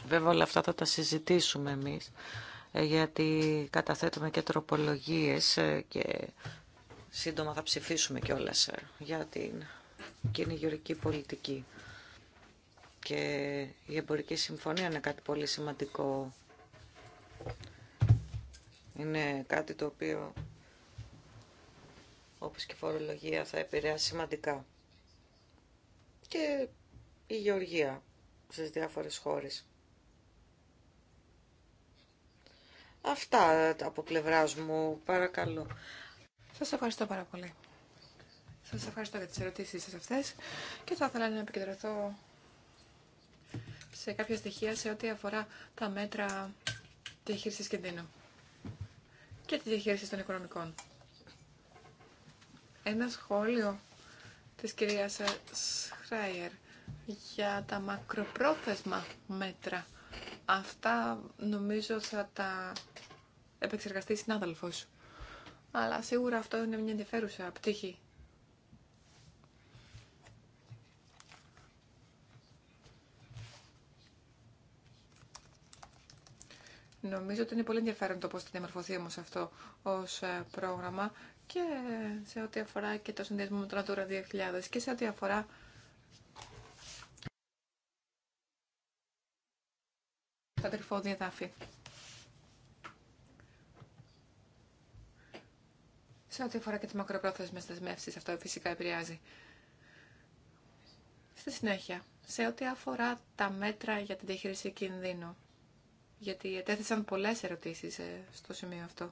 Βέβαια όλα αυτά θα τα συζητήσουμε εμείς ε, γιατί καταθέτουμε και τροπολογίες ε, και σύντομα θα ψηφίσουμε κιόλας ε, για την κοινή γεωρική πολιτική. Και η εμπορική συμφωνία είναι κάτι πολύ σημαντικό. Είναι κάτι το οποίο, όπως και η φορολογία, θα επηρεάσει σημαντικά. Και η γεωργία στις διάφορες χώρες. Αυτά από πλευρά μου, παρακαλώ. Σας ευχαριστώ πάρα πολύ. Σας ευχαριστώ για τις ερωτήσεις σας αυτές και θα ήθελα να επικεντρωθώ σε κάποια στοιχεία σε ό,τι αφορά τα μέτρα διαχείρισης κινδύνου και τη διαχείριση των οικονομικών. Ένα σχόλιο της κυρίας Σχράιερ για τα μακροπρόθεσμα μέτρα. Αυτά νομίζω θα τα επεξεργαστή συνάδελφο. Αλλά σίγουρα αυτό είναι μια ενδιαφέρουσα πτυχή. Νομίζω ότι είναι πολύ ενδιαφέρον το πώς θα διαμορφωθεί όμως αυτό ως ε, πρόγραμμα και σε ό,τι αφορά και το συνδυασμό με το Natura 2000 και σε ό,τι αφορά τα τρυφόδια εδάφη. Σε ό,τι αφορά και τι μακροπρόθεσμε δεσμεύσει, αυτό φυσικά επηρεάζει. Στη συνέχεια, σε ό,τι αφορά τα μέτρα για την διαχείριση κινδύνου, γιατί ετέθησαν πολλές ερωτήσεις ε, στο σημείο αυτό.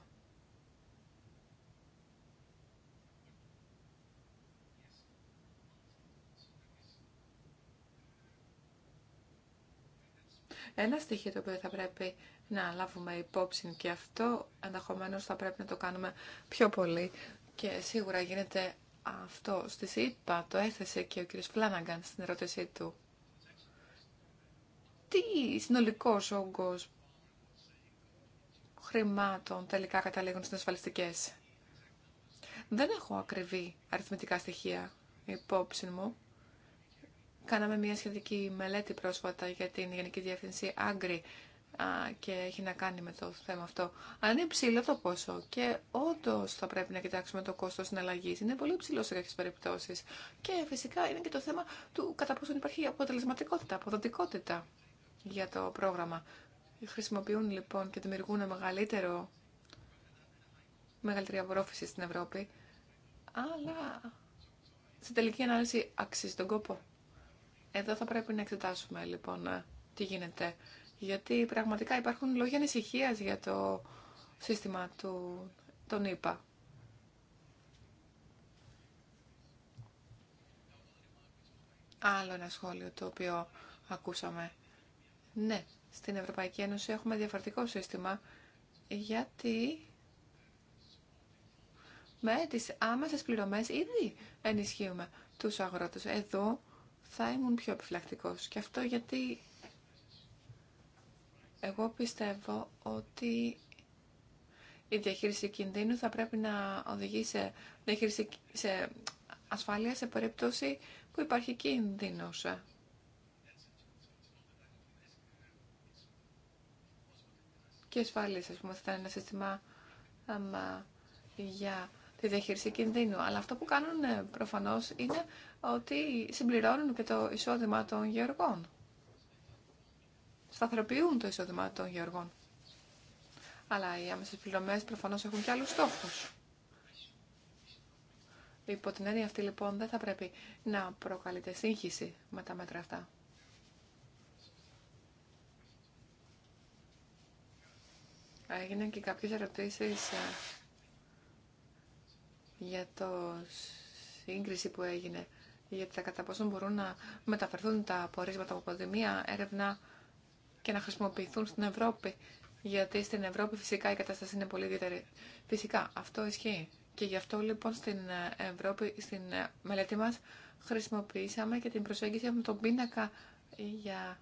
Ένα στοιχείο το οποίο θα πρέπει να λάβουμε υπόψη και αυτό ενδεχομένω θα πρέπει να το κάνουμε πιο πολύ και σίγουρα γίνεται αυτό στη ΣΥΠΑ, το έθεσε και ο κ. Φλάναγκαν στην ερώτησή του. Τι συνολικός όγκος χρημάτων τελικά καταλήγουν στις ασφαλιστικές. Δεν έχω ακριβή αριθμητικά στοιχεία υπόψη μου. Κάναμε μια σχετική μελέτη πρόσφατα για την Γενική Διεύθυνση Άγκρη και έχει να κάνει με το θέμα αυτό. Αλλά είναι ψηλό το πόσο και όντω θα πρέπει να κοιτάξουμε το κόστο συναλλαγή. Είναι πολύ ψηλό σε κάποιε περιπτώσει. Και φυσικά είναι και το θέμα του κατά πόσο υπάρχει αποτελεσματικότητα, αποδοτικότητα για το πρόγραμμα. Χρησιμοποιούν λοιπόν και δημιουργούν μεγαλύτερο, μεγαλύτερη απορρόφηση στην Ευρώπη. Αλλά στην τελική ανάλυση αξίζει τον κόπο. Εδώ θα πρέπει να εξετάσουμε λοιπόν ε, τι γίνεται. Γιατί πραγματικά υπάρχουν λόγια ανησυχία για το σύστημα του, τον ΙΠΑ. Άλλο ένα σχόλιο το οποίο ακούσαμε. Ναι, στην Ευρωπαϊκή Ένωση έχουμε διαφορετικό σύστημα γιατί με τις άμεσες πληρωμές ήδη ενισχύουμε τους αγρότες. Εδώ θα ήμουν πιο επιφυλακτικός. Και αυτό γιατί εγώ πιστεύω ότι η διαχείριση κινδύνου θα πρέπει να οδηγεί σε, διαχείριση, σε ασφάλεια σε περίπτωση που υπάρχει κίνδυνος. Και ασφάλεια, ας πούμε, θα ήταν ένα σύστημα αμα, για τη διαχείριση κινδύνου. Αλλά αυτό που κάνουν ε, προφανώς είναι ότι συμπληρώνουν και το εισόδημα των γεωργών. Σταθεροποιούν το εισόδημα των γεωργών. Αλλά οι άμεσες πληρωμέ προφανώς έχουν και άλλους στόχους. Υπό την έννοια αυτή λοιπόν δεν θα πρέπει να προκαλείται σύγχυση με τα μέτρα αυτά. Έγιναν και κάποιες ερωτήσεις ε, για το σύγκριση που έγινε γιατί τα κατά πόσο μπορούν να μεταφερθούν τα απορίσματα από πανδημία, έρευνα και να χρησιμοποιηθούν στην Ευρώπη. Γιατί στην Ευρώπη φυσικά η κατάσταση είναι πολύ ιδιαίτερη. Φυσικά αυτό ισχύει. Και γι' αυτό λοιπόν στην Ευρώπη, στην μελέτη μας, χρησιμοποιήσαμε και την προσέγγιση με τον πίνακα για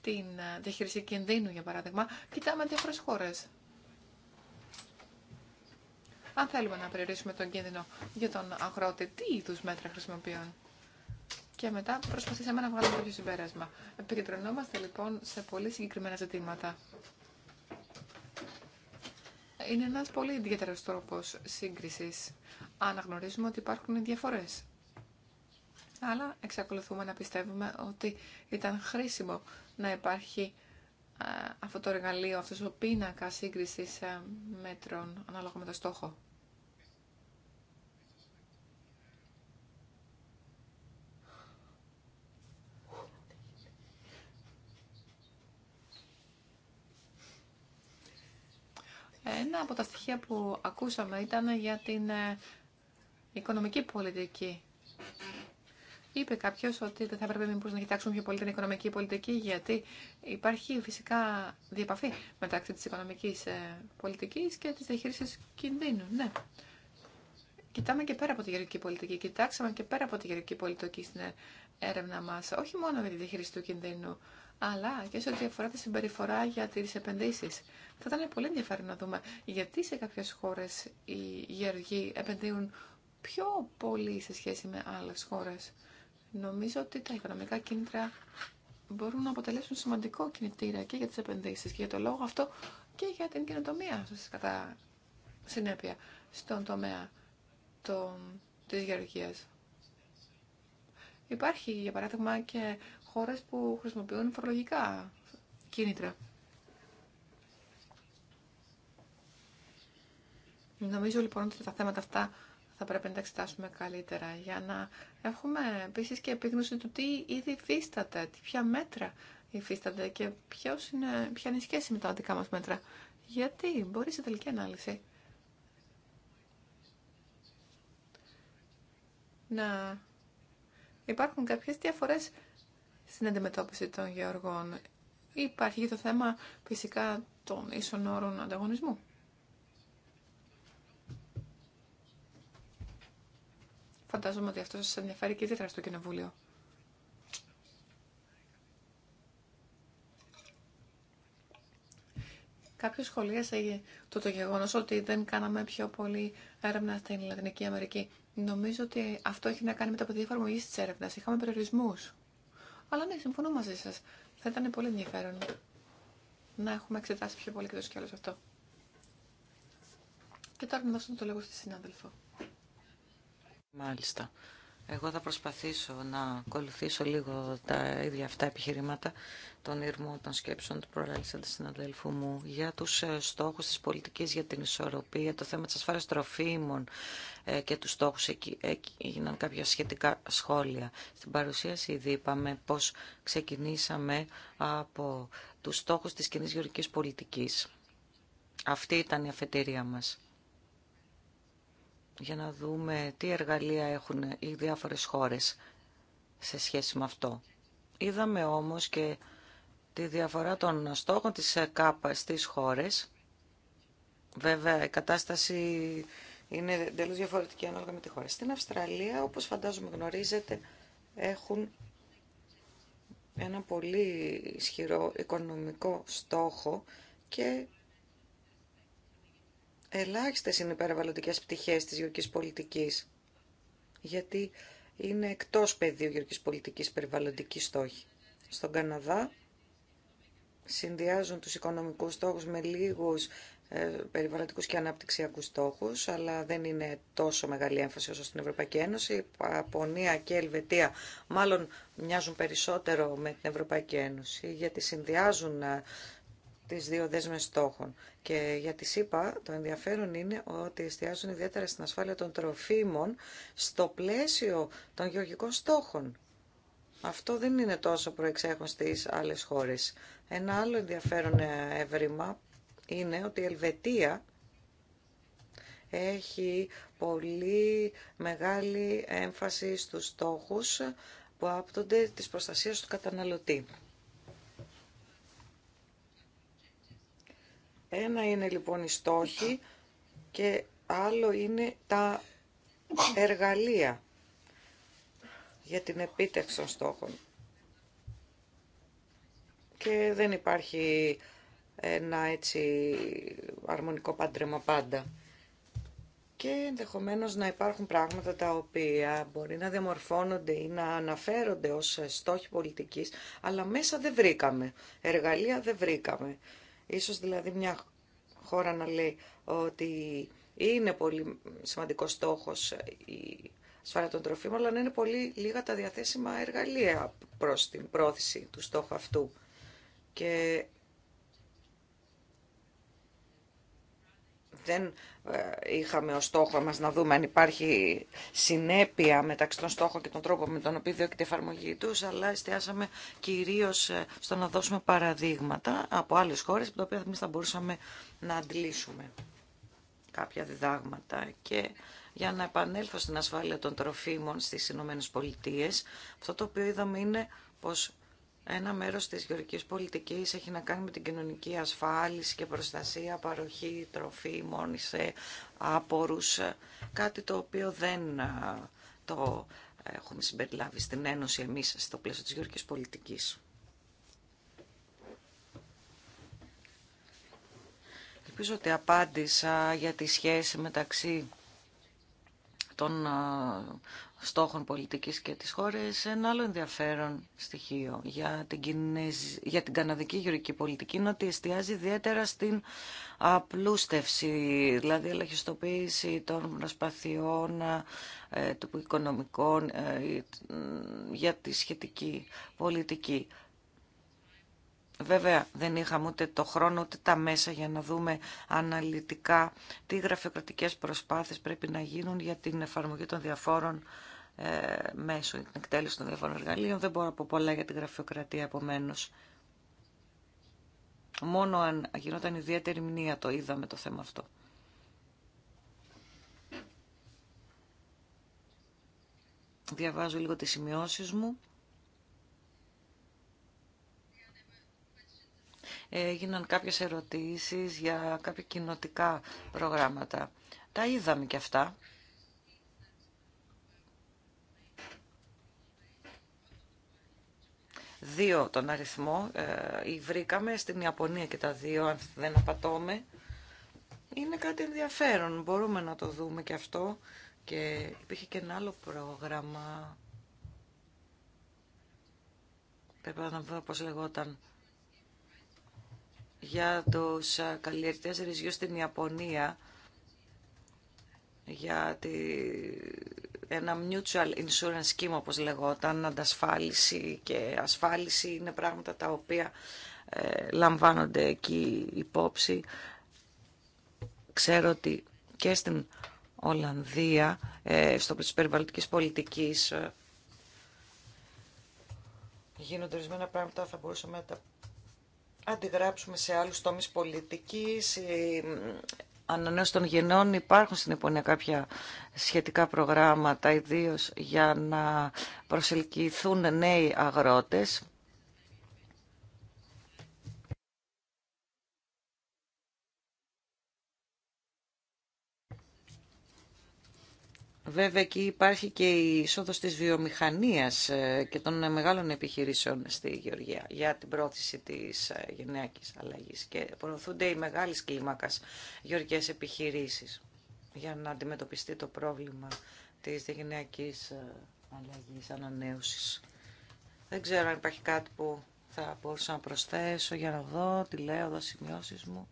την διαχείριση κινδύνου, για παράδειγμα. Κοιτάμε διάφορες χώρες αν θέλουμε να περιορίσουμε τον κίνδυνο για τον αγρότη, τι είδου μέτρα χρησιμοποιούν. Και μετά προσπαθήσαμε να βγάλουμε κάποιο συμπέρασμα. Επικεντρωνόμαστε λοιπόν σε πολύ συγκεκριμένα ζητήματα. Είναι ένα πολύ ιδιαίτερο τρόπο σύγκριση. Αναγνωρίζουμε ότι υπάρχουν διαφορέ. Αλλά εξακολουθούμε να πιστεύουμε ότι ήταν χρήσιμο να υπάρχει ε, αυτό το εργαλείο, αυτός ο πίνακα σύγκριση ε, μέτρων ανάλογα με το στόχο. Ένα από τα στοιχεία που ακούσαμε ήταν για την ε, οικονομική πολιτική Είπε κάποιο ότι δεν θα έπρεπε μήπως να κοιτάξουν πιο πολύ την οικονομική πολιτική, γιατί υπάρχει φυσικά διαπαφή μεταξύ τη οικονομική ε, πολιτική και τη διαχείριση κινδύνου. Ναι. Κοιτάμε και πέρα από τη γερική πολιτική. Κοιτάξαμε και πέρα από τη γερική πολιτική στην ε, έρευνα μα, όχι μόνο για τη διαχείριση του κινδύνου, αλλά και σε ό,τι αφορά τη συμπεριφορά για τι επενδύσει. Θα ήταν πολύ ενδιαφέρον να δούμε γιατί σε κάποιε χώρε οι γεωργοί επενδύουν πιο πολύ σε σχέση με άλλε χώρε. Νομίζω ότι τα οικονομικά κίνητρα μπορούν να αποτελέσουν σημαντικό κινητήρα και για τις επενδύσεις και για το λόγο αυτό και για την καινοτομία κατά συνέπεια στον τομέα των, της γεωργίας. Υπάρχει, για παράδειγμα, και χώρες που χρησιμοποιούν φορολογικά κίνητρα. Νομίζω λοιπόν ότι τα θέματα αυτά θα πρέπει να τα εξετάσουμε καλύτερα για να έχουμε επίσης και επίγνωση του τι ήδη υφίσταται, τι ποια μέτρα υφίσταται και ποιος είναι, ποια είναι η σχέση με τα δικά μας μέτρα. Γιατί μπορεί σε τελική ανάλυση να υπάρχουν κάποιες διαφορές στην αντιμετώπιση των γεωργών. Υπάρχει και το θέμα φυσικά των ίσων όρων ανταγωνισμού. Φαντάζομαι ότι αυτό σας ενδιαφέρει και ιδιαίτερα στο Κοινοβούλιο. Κάποιο σχολίασε το, το γεγονός ότι δεν κάναμε πιο πολύ έρευνα στην Λατινική Αμερική. Νομίζω ότι αυτό έχει να κάνει με τα παιδιά εφαρμογή τη έρευνα. Είχαμε περιορισμού. Αλλά ναι, συμφωνώ μαζί σα. Θα ήταν πολύ ενδιαφέρον να έχουμε εξετάσει πιο πολύ και το σκέλο αυτό. Και τώρα να δώσω το λόγο στη συνάδελφο. Μάλιστα. Εγώ θα προσπαθήσω να ακολουθήσω λίγο τα ίδια αυτά επιχειρήματα των ήρμων των σκέψεων του προαλήσαντα συναδέλφου μου για τους ε, στόχους της πολιτικής για την ισορροπία, το θέμα της ασφάλειας τροφίμων ε, και τους στόχους εκεί έγιναν κάποια σχετικά σχόλια. Στην παρουσίαση ήδη είπαμε πως ξεκινήσαμε από τους στόχους της κοινή γεωργικής πολιτικής. Αυτή ήταν η αφετηρία μας για να δούμε τι εργαλεία έχουν οι διάφορες χώρες σε σχέση με αυτό. Είδαμε όμως και τη διαφορά των στόχων της ΚΑΠΑ στις χώρες. Βέβαια, η κατάσταση είναι τελείως διαφορετική ανάλογα με τη χώρα. Στην Αυστραλία, όπως φαντάζομαι γνωρίζετε, έχουν ένα πολύ ισχυρό οικονομικό στόχο και Ελάχιστες είναι οι περιβαλλοντικές πτυχές της γεωργικής πολιτικής, γιατί είναι εκτός πεδίου γεωργικής πολιτικής περιβαλλοντική στόχη. Στον Καναδά συνδυάζουν τους οικονομικούς στόχους με λίγους ε, περιβαλλοντικούς και αναπτυξιακούς στόχους, αλλά δεν είναι τόσο μεγάλη έμφαση όσο στην Ευρωπαϊκή Ένωση. Η Παπονία και η Ελβετία μάλλον μοιάζουν περισσότερο με την Ευρωπαϊκή Ένωση, γιατί συνδυάζουν ε, τις δύο δέσμες στόχων. Και για τη ΣΥΠΑ το ενδιαφέρον είναι ότι εστιάζουν ιδιαίτερα στην ασφάλεια των τροφίμων στο πλαίσιο των γεωργικών στόχων. Αυτό δεν είναι τόσο προεξέχον στις άλλες χώρες. Ένα άλλο ενδιαφέρον εύρημα είναι ότι η Ελβετία έχει πολύ μεγάλη έμφαση στους στόχους που άπτονται της προστασίας του καταναλωτή. Ένα είναι λοιπόν οι στόχοι και άλλο είναι τα εργαλεία για την επίτευξη των στόχων. Και δεν υπάρχει ένα έτσι αρμονικό πάντρεμα πάντα. Και ενδεχομένως να υπάρχουν πράγματα τα οποία μπορεί να διαμορφώνονται ή να αναφέρονται ως στόχοι πολιτικής, αλλά μέσα δεν βρήκαμε, εργαλεία δεν βρήκαμε. Ίσως δηλαδή μια χώρα να λέει ότι είναι πολύ σημαντικός στόχος η ασφάλεια των τροφίμων, αλλά να είναι πολύ λίγα τα διαθέσιμα εργαλεία προς την πρόθεση του στόχου αυτού. Και δεν ε, είχαμε ως στόχο μας να δούμε αν υπάρχει συνέπεια μεταξύ των στόχων και των τρόπων με τον οποίο διώκεται η εφαρμογή τους, αλλά εστιάσαμε κυρίως ε, στο να δώσουμε παραδείγματα από άλλες χώρες, από τα οποία εμείς θα μπορούσαμε να αντλήσουμε κάποια διδάγματα και για να επανέλθω στην ασφάλεια των τροφίμων στις Ηνωμένε Πολιτείε. αυτό το οποίο είδαμε είναι πως ένα μέρος της γεωργικής πολιτικής έχει να κάνει με την κοινωνική ασφάλιση και προστασία, παροχή τροφή, σε άπορους, κάτι το οποίο δεν το έχουμε συμπεριλάβει στην Ένωση εμείς στο πλαίσιο της γεωργικής πολιτικής. Ελπίζω ότι απάντησα για τη σχέση μεταξύ των στόχων πολιτικής και της χώρας. Ένα άλλο ενδιαφέρον στοιχείο για την, Κινέζ... για την καναδική γεωργική πολιτική είναι ότι εστιάζει ιδιαίτερα στην απλούστευση, δηλαδή ελαχιστοποίηση των προσπαθειών ε, του οικονομικών ε, για τη σχετική πολιτική. Βέβαια δεν είχαμε ούτε το χρόνο ούτε τα μέσα για να δούμε αναλυτικά τι γραφειοκρατικές προσπάθειες πρέπει να γίνουν για την εφαρμογή των διαφόρων ε, μέσω την εκτέλεση των διαφόρων εργαλείων. Δεν μπορώ να πω πολλά για την γραφειοκρατία επομένω. Μόνο αν γινόταν ιδιαίτερη μνήμα το είδαμε το θέμα αυτό. Διαβάζω λίγο τις σημειώσεις μου. έγιναν κάποιες ερωτήσεις για κάποια κοινοτικά προγράμματα. Τα είδαμε και αυτά. Δύο τον αριθμό ε, βρήκαμε στην Ιαπωνία και τα δύο, αν δεν απατώμε. Είναι κάτι ενδιαφέρον, μπορούμε να το δούμε και αυτό. Και υπήρχε και ένα άλλο πρόγραμμα. Πρέπει να δω πώς λεγόταν. Για τους καλλιεργητές ρυζιού στην Ιαπωνία. Για τη ένα mutual insurance scheme όπως λεγόταν, αντασφάλιση και ασφάλιση είναι πράγματα τα οποία ε, λαμβάνονται εκεί υπόψη. Ξέρω ότι και στην Ολλανδία, ε, στο πλαίσιο περιβαλλοντικής πολιτικής, ε, γίνονται ορισμένα πράγματα, θα μπορούσαμε να τα αντιγράψουμε σε άλλους τομείς πολιτικής ανανέωση των γενών υπάρχουν στην Ιππονία κάποια σχετικά προγράμματα, ιδίω για να προσελκυθούν νέοι αγρότες Βέβαια εκεί υπάρχει και η είσοδος της βιομηχανίας ε, και των μεγάλων επιχειρήσεων στη Γεωργία για την πρόθεση της ε, γενναίκης αλλαγής και προωθούνται οι μεγάλες κλίμακας γεωργικές επιχειρήσεις για να αντιμετωπιστεί το πρόβλημα της γενναίκης ε, αλλαγής ανανέωσης. Δεν ξέρω αν υπάρχει κάτι που θα μπορούσα να προσθέσω για να δω τι λέω, δω σημειώσει μου.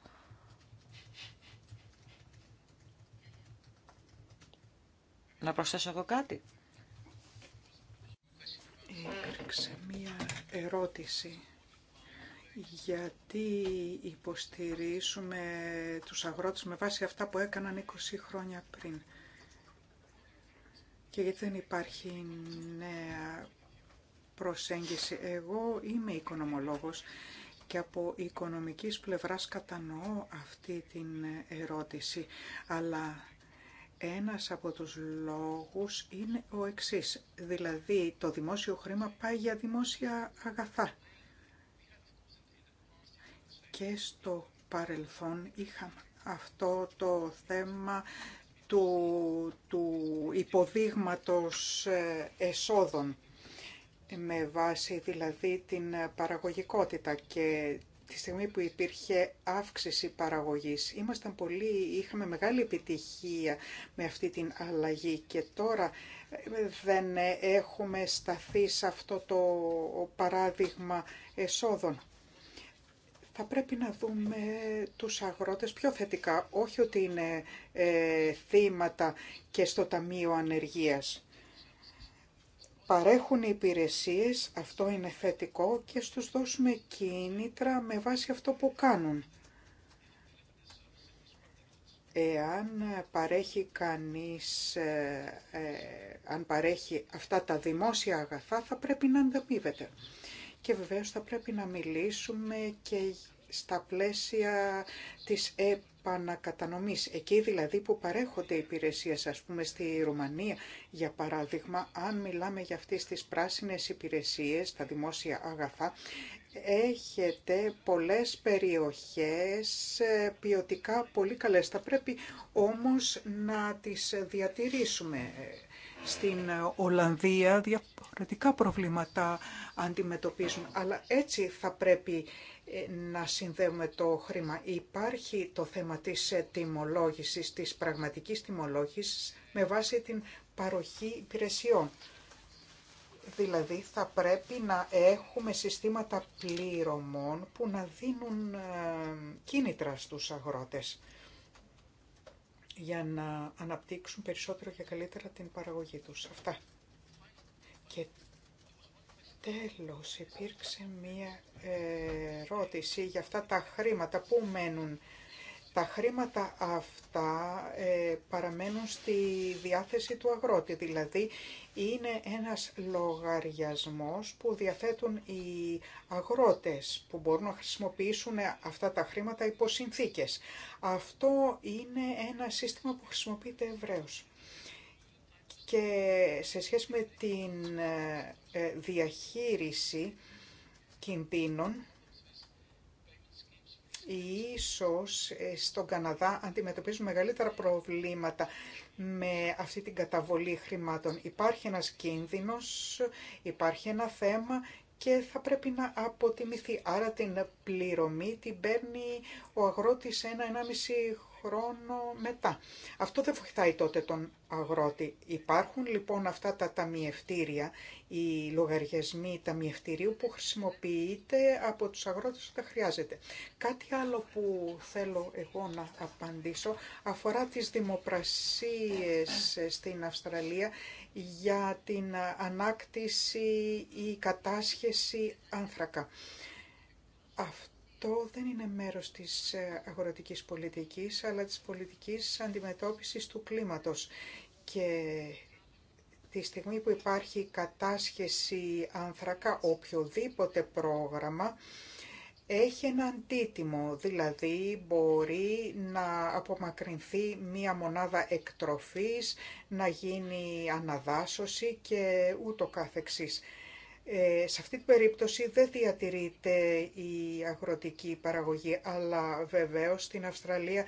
Να προσθέσω εγώ κάτι. Υπήρξε μία ερώτηση. Γιατί υποστηρίζουμε τους αγρότες με βάση αυτά που έκαναν 20 χρόνια πριν. Και γιατί δεν υπάρχει νέα προσέγγιση. Εγώ είμαι οικονομολόγος και από οικονομικής πλευράς κατανοώ αυτή την ερώτηση. Αλλά ένας από τους λόγους είναι ο εξής, δηλαδή το δημόσιο χρήμα πάει για δημόσια αγαθά. Και στο παρελθόν είχαμε αυτό το θέμα του, του υποδείγματος ε, εσόδων με βάση δηλαδή την παραγωγικότητα και τη στιγμή που υπήρχε αύξηση παραγωγής. Ήμασταν πολύ, είχαμε μεγάλη επιτυχία με αυτή την αλλαγή και τώρα ε, δεν ε, έχουμε σταθεί σε αυτό το παράδειγμα εσόδων. Θα πρέπει να δούμε τους αγρότες πιο θετικά, όχι ότι είναι ε, θύματα και στο Ταμείο Ανεργίας παρέχουν οι υπηρεσίες, αυτό είναι θετικό, και στους δώσουμε κίνητρα με βάση αυτό που κάνουν. Εάν παρέχει κανείς, ε, ε, αν παρέχει αυτά τα δημόσια αγαθά, θα πρέπει να ανταμείβεται. Και βεβαίως θα πρέπει να μιλήσουμε και στα πλαίσια της επανακατανομής. Εκεί δηλαδή που παρέχονται υπηρεσίες, ας πούμε στη Ρουμανία, για παράδειγμα, αν μιλάμε για αυτές τις πράσινες υπηρεσίες, τα δημόσια αγαθά, έχετε πολλές περιοχές ε, ποιοτικά πολύ καλές. Θα πρέπει όμως να τις διατηρήσουμε. Στην Ολλανδία διαφορετικά προβλήματα αντιμετωπίζουν, αλλά έτσι θα πρέπει ε, να συνδέουμε το χρήμα. Υπάρχει το θέμα της ε, τιμολόγησης, της πραγματικής τιμολόγησης με βάση την παροχή υπηρεσιών. Δηλαδή θα πρέπει να έχουμε συστήματα πληρωμών που να δίνουν ε, κίνητρα στους αγρότες για να αναπτύξουν περισσότερο και καλύτερα την παραγωγή τους. Αυτά. Και Τέλος, υπήρξε μία ερώτηση για αυτά τα χρήματα που μένουν. Τα χρήματα αυτά ε, παραμένουν στη διάθεση του αγρότη, δηλαδή είναι ένας λογαριασμός που διαθέτουν οι αγρότες που μπορούν να χρησιμοποιήσουν αυτά τα χρήματα υπό συνθήκες. Αυτό είναι ένα σύστημα που χρησιμοποιείται ευρέως και σε σχέση με την ε, ε, διαχείριση κινδύνων, ίσως ε, στον Καναδά αντιμετωπίζουν μεγαλύτερα προβλήματα με αυτή την καταβολή χρημάτων. Υπάρχει ένας κίνδυνος, υπάρχει ένα θέμα και θα πρέπει να αποτιμηθεί. Άρα την πληρωμή την παίρνει ο αγρότης ένα-ενάμιση χρόνο μετά. Αυτό δεν βοηθάει τότε τον αγρότη. Υπάρχουν λοιπόν αυτά τα ταμιευτήρια, οι λογαριασμοί ταμιευτηρίου που χρησιμοποιείται από τους αγρότες όταν χρειάζεται. Κάτι άλλο που θέλω εγώ να απαντήσω αφορά τις δημοπρασίες στην Αυστραλία για την ανάκτηση ή κατάσχεση άνθρακα. Αυτό αυτό δεν είναι μέρος της ε, αγροτικής πολιτικής, αλλά της πολιτικής αντιμετώπισης του κλίματος. Και τη στιγμή που υπάρχει κατάσχεση άνθρακα, οποιοδήποτε πρόγραμμα, έχει ένα αντίτιμο, δηλαδή μπορεί να απομακρυνθεί μία μονάδα εκτροφής, να γίνει αναδάσωση και ούτω καθεξής. Ε, σε αυτή την περίπτωση δεν διατηρείται η αγροτική παραγωγή, αλλά βεβαίως στην Αυστραλία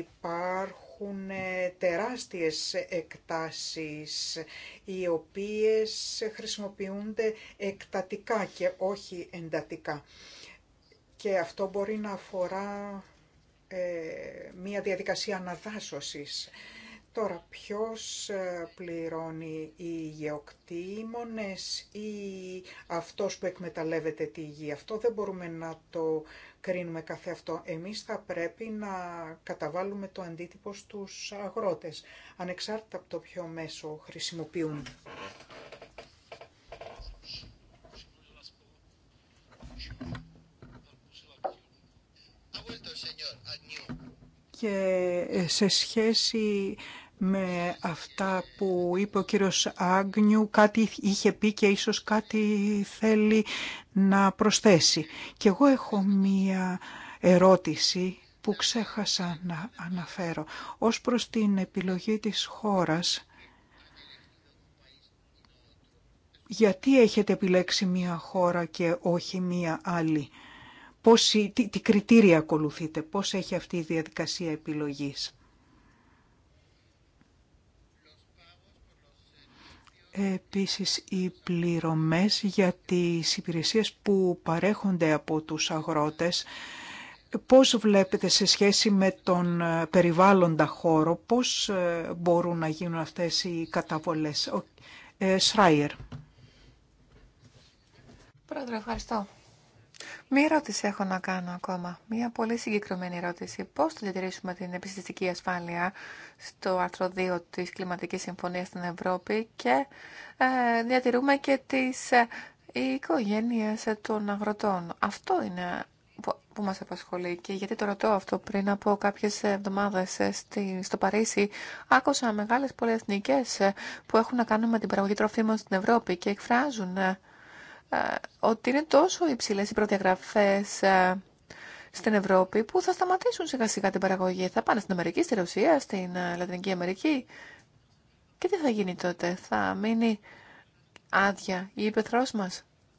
υπάρχουν ε, τεράστιες εκτάσεις οι οποίες χρησιμοποιούνται εκτατικά και όχι εντατικά. Και αυτό μπορεί να αφορά ε, μία διαδικασία αναδάσωσης Τώρα, ποιος ε, πληρώνει οι γεωκτήμονες ή αυτός που εκμεταλλεύεται τη γη. Αυτό δεν μπορούμε να το κρίνουμε καθε αυτό. Εμείς θα πρέπει να καταβάλουμε το αντίτυπο στους αγρότες, ανεξάρτητα από το ποιο μέσο χρησιμοποιούν. και ε, σε σχέση με αυτά που είπε ο κύριος Άγνιου, κάτι είχε πει και ίσως κάτι θέλει να προσθέσει. Και εγώ έχω μία ερώτηση που ξέχασα να αναφέρω. Ως προς την επιλογή της χώρας, γιατί έχετε επιλέξει μία χώρα και όχι μία άλλη πώς, τι, τι κριτήρια ακολουθείτε, πώς έχει αυτή η διαδικασία επιλογής. Επίσης, οι πληρωμές για τις υπηρεσίες που παρέχονται από τους αγρότες, πώς βλέπετε σε σχέση με τον ε, περιβάλλοντα χώρο, πώς ε, μπορούν να γίνουν αυτές οι καταβολές. Ε, Σράιερ. Πρόεδρε, ευχαριστώ. Μία ερώτηση έχω να κάνω ακόμα. Μία πολύ συγκεκριμένη ερώτηση. πω θα διατηρήσουμε την επιστημονική ασφάλεια στο άρθρο 2 τη Κλιματική Συμφωνία στην Ευρώπη και ε, διατηρούμε και τι ε, των αγροτών. Αυτό είναι που μας απασχολεί και γιατί το ρωτώ αυτό πριν από κάποιες εβδομάδες ε, στο Παρίσι άκουσα μεγάλες πολυεθνικές ε, που έχουν να κάνουν με την παραγωγή τροφίμων στην Ευρώπη και εκφράζουν ε, ε, ότι είναι τόσο υψηλέ οι προδιαγραφέ ε, στην Ευρώπη που θα σταματήσουν σιγά σιγά την παραγωγή. Θα πάνε στην Αμερική, στη Ρωσία, στην ε, Λατινική Αμερική. Και τι θα γίνει τότε, θα μείνει άδεια η υπεθρό μα.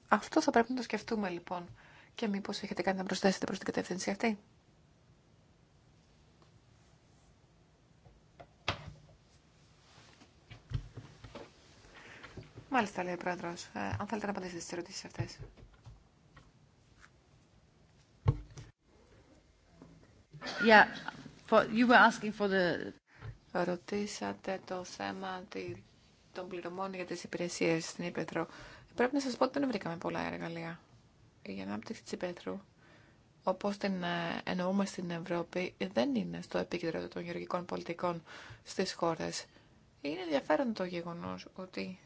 Αυτό θα πρέπει να το σκεφτούμε λοιπόν. Και μήπω έχετε κάνει να προσθέσετε προ την κατεύθυνση αυτή. Μάλιστα, λέει ο πρόεδρο. Ε, αν θέλετε να απαντήσετε στι ερωτήσει αυτέ. Yeah, Ρωτήσατε το θέμα των πληρωμών για τις υπηρεσίες στην Ήπεθρο. Πρέπει να σας πω ότι δεν βρήκαμε πολλά εργαλεία για ανάπτυξη της Ήπεθρου. Όπως την ε, εννοούμε στην Ευρώπη, δεν είναι στο επίκεντρο των γεωργικών πολιτικών στις χώρες. Είναι ενδιαφέρον το γεγονός ότι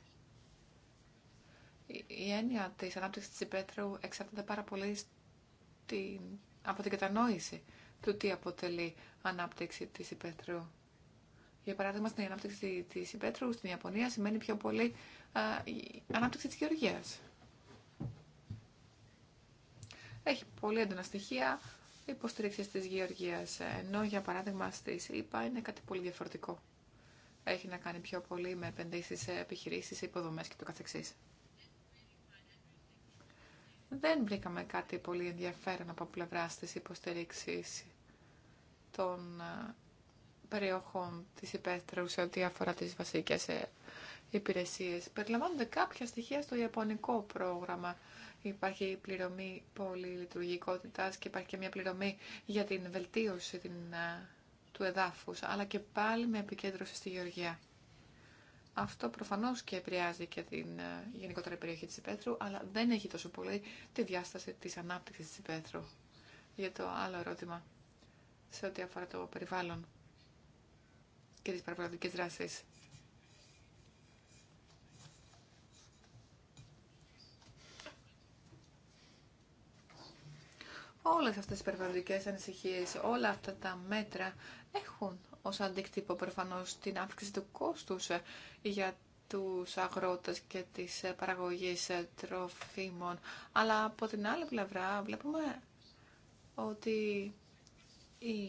η έννοια τη ανάπτυξη τη υπαίθρου εξαρτάται πάρα πολύ από την κατανόηση του τι αποτελεί ανάπτυξη τη υπαίθρου. Για παράδειγμα, στην ανάπτυξη τη υπαίθρου στην Ιαπωνία σημαίνει πιο πολύ η ανάπτυξη τη γεωργία. Έχει πολύ έντονα στοιχεία υποστήριξη τη γεωργία. ενώ για παράδειγμα στη ΣΥΠΑ είναι κάτι πολύ διαφορετικό. Έχει να κάνει πιο πολύ με επενδύσεις σε επιχειρήσει σε υποδομές και το καθεξής δεν βρήκαμε κάτι πολύ ενδιαφέρον από πλευρά τη υποστήριξη των ε, περιοχών της υπαίθρου σε ό,τι αφορά τις βασικές ε, υπηρεσίες. Περιλαμβάνονται κάποια στοιχεία στο ιαπωνικό πρόγραμμα. Υπάρχει η πληρωμή πολυλειτουργικότητας και υπάρχει και μια πληρωμή για την βελτίωση την, ε, του εδάφους, αλλά και πάλι με επικέντρωση στη Γεωργία. Αυτό προφανώς και επηρεάζει και την ε, γενικότερη περιοχή της υπέθρου, αλλά δεν έχει τόσο πολύ τη διάσταση τη ανάπτυξη της υπαίθρου. Για το άλλο ερώτημα, σε ό,τι αφορά το περιβάλλον και τι περιβαλλοντικές δράσεις. Όλες αυτές τις περιβαλλοντικές ανησυχίες, όλα αυτά τα μέτρα έχουν ως αντίκτυπο προφανώς την αύξηση του κόστους ε, για τους αγρότες και τις ε, παραγωγής ε, τροφίμων. Αλλά από την άλλη πλευρά βλέπουμε ότι η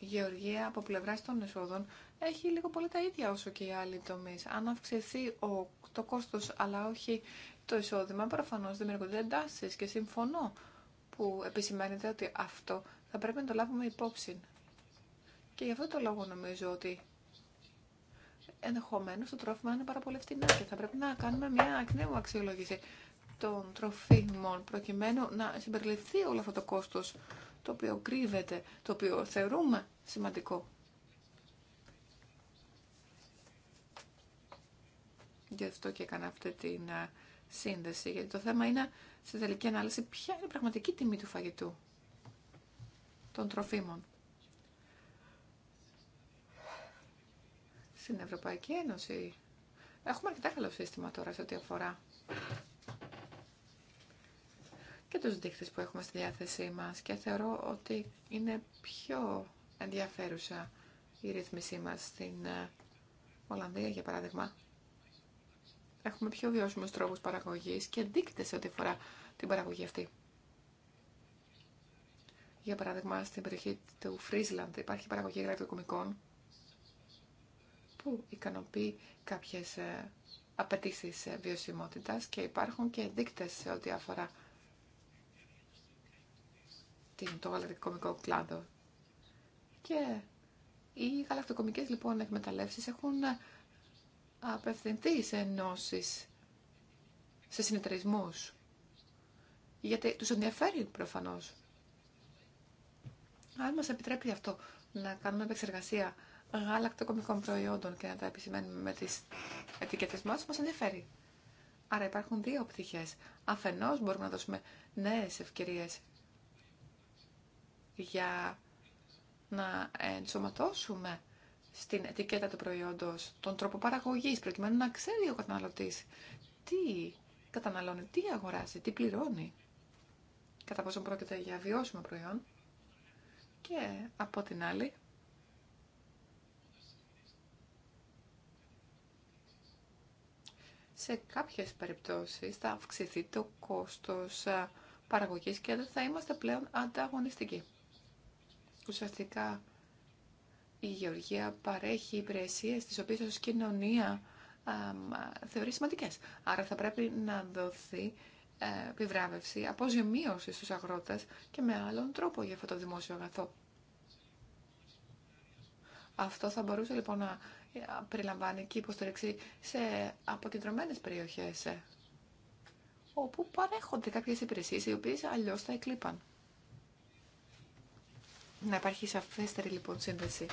γεωργία από πλευρά των εσόδων έχει λίγο πολύ τα ίδια όσο και οι άλλοι τομείς. Αν αυξηθεί το κόστος αλλά όχι το εισόδημα, προφανώς δημιουργούνται εντάσεις και συμφωνώ που επισημαίνεται ότι αυτό θα πρέπει να το λάβουμε υπόψη. Και γι' αυτό το λόγο νομίζω ότι ενδεχομένω το τρόφιμα είναι πάρα πολύ φτηνά και θα πρέπει να κάνουμε μια εκ νέου αξιολόγηση των τροφίμων προκειμένου να συμπεριληφθεί όλο αυτό το κόστος το οποίο κρύβεται, το οποίο θεωρούμε σημαντικό. Γι' αυτό και έκανα αυτή την ε, σύνδεση, γιατί το θέμα είναι στη τελική ανάλυση ποια είναι η πραγματική τιμή του φαγητού των τροφίμων. στην Ευρωπαϊκή Ένωση. Έχουμε αρκετά καλό σύστημα τώρα σε ό,τι αφορά και τους δείχτες που έχουμε στη διάθεσή μας και θεωρώ ότι είναι πιο ενδιαφέρουσα η ρύθμισή μας στην ε, Ολλανδία, για παράδειγμα. Έχουμε πιο βιώσιμους τρόπους παραγωγής και δείκτες σε ό,τι αφορά την παραγωγή αυτή. Για παράδειγμα, στην περιοχή του Φρίσλαντ υπάρχει παραγωγή γραφειοκομικών που ικανοποιεί κάποιες ε, απαιτήσει ε, βιωσιμότητας και υπάρχουν και δείκτες σε ό,τι αφορά το γαλακτοκομικό κλάδο. Και οι γαλακτοκομικές λοιπόν εκμεταλλεύσεις έχουν ε, απευθυνθεί σε ενώσεις, σε συνεταιρισμούς, γιατί τους ενδιαφέρει προφανώς. Αν μας επιτρέπει αυτό να κάνουμε επεξεργασία γαλακτοκομικών προϊόντων και να τα επισημαίνουμε με τις ετικέτες μας, μας ενδιαφέρει. Άρα υπάρχουν δύο πτυχές. Αφενός μπορούμε να δώσουμε νέες ευκαιρίες για να ενσωματώσουμε στην ετικέτα του προϊόντος τον τρόπο παραγωγής, προκειμένου να ξέρει ο καταναλωτής τι καταναλώνει, τι αγοράζει, τι πληρώνει, κατά πόσο πρόκειται για βιώσιμο προϊόν. Και από την άλλη, σε κάποιες περιπτώσεις θα αυξηθεί το κόστος ε, παραγωγής και δεν θα είμαστε πλέον ανταγωνιστικοί. Ουσιαστικά η γεωργία παρέχει υπηρεσίε τις οποίες ως κοινωνία α, ε, θεωρεί σημαντικές. Άρα θα πρέπει να δοθεί ε, επιβράβευση, αποζημίωση στους αγρότες και με άλλον τρόπο για αυτό το δημόσιο αγαθό. Αυτό θα μπορούσε λοιπόν να ε, περιλαμβάνει και υποστήριξη σε αποκεντρωμένες περιοχέ. Ε, όπου παρέχονται κάποιες υπηρεσίε οι οποίες αλλιώ θα εκλείπαν. Να υπάρχει σαφέστερη λοιπόν σύνδεση.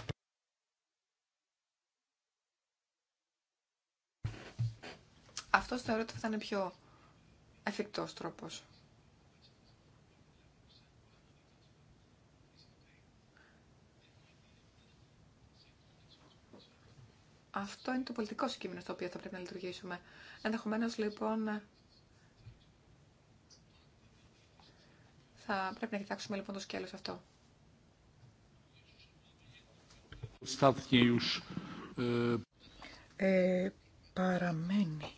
Αυτό θεωρώ ότι θα ήταν πιο εφικτός τρόπος. Αυτό είναι το πολιτικό συγκείμενο στο οποίο θα πρέπει να λειτουργήσουμε. Ενδεχομένως λοιπόν θα πρέπει να κοιτάξουμε λοιπόν το σκέλος αυτό. Ε, παραμένει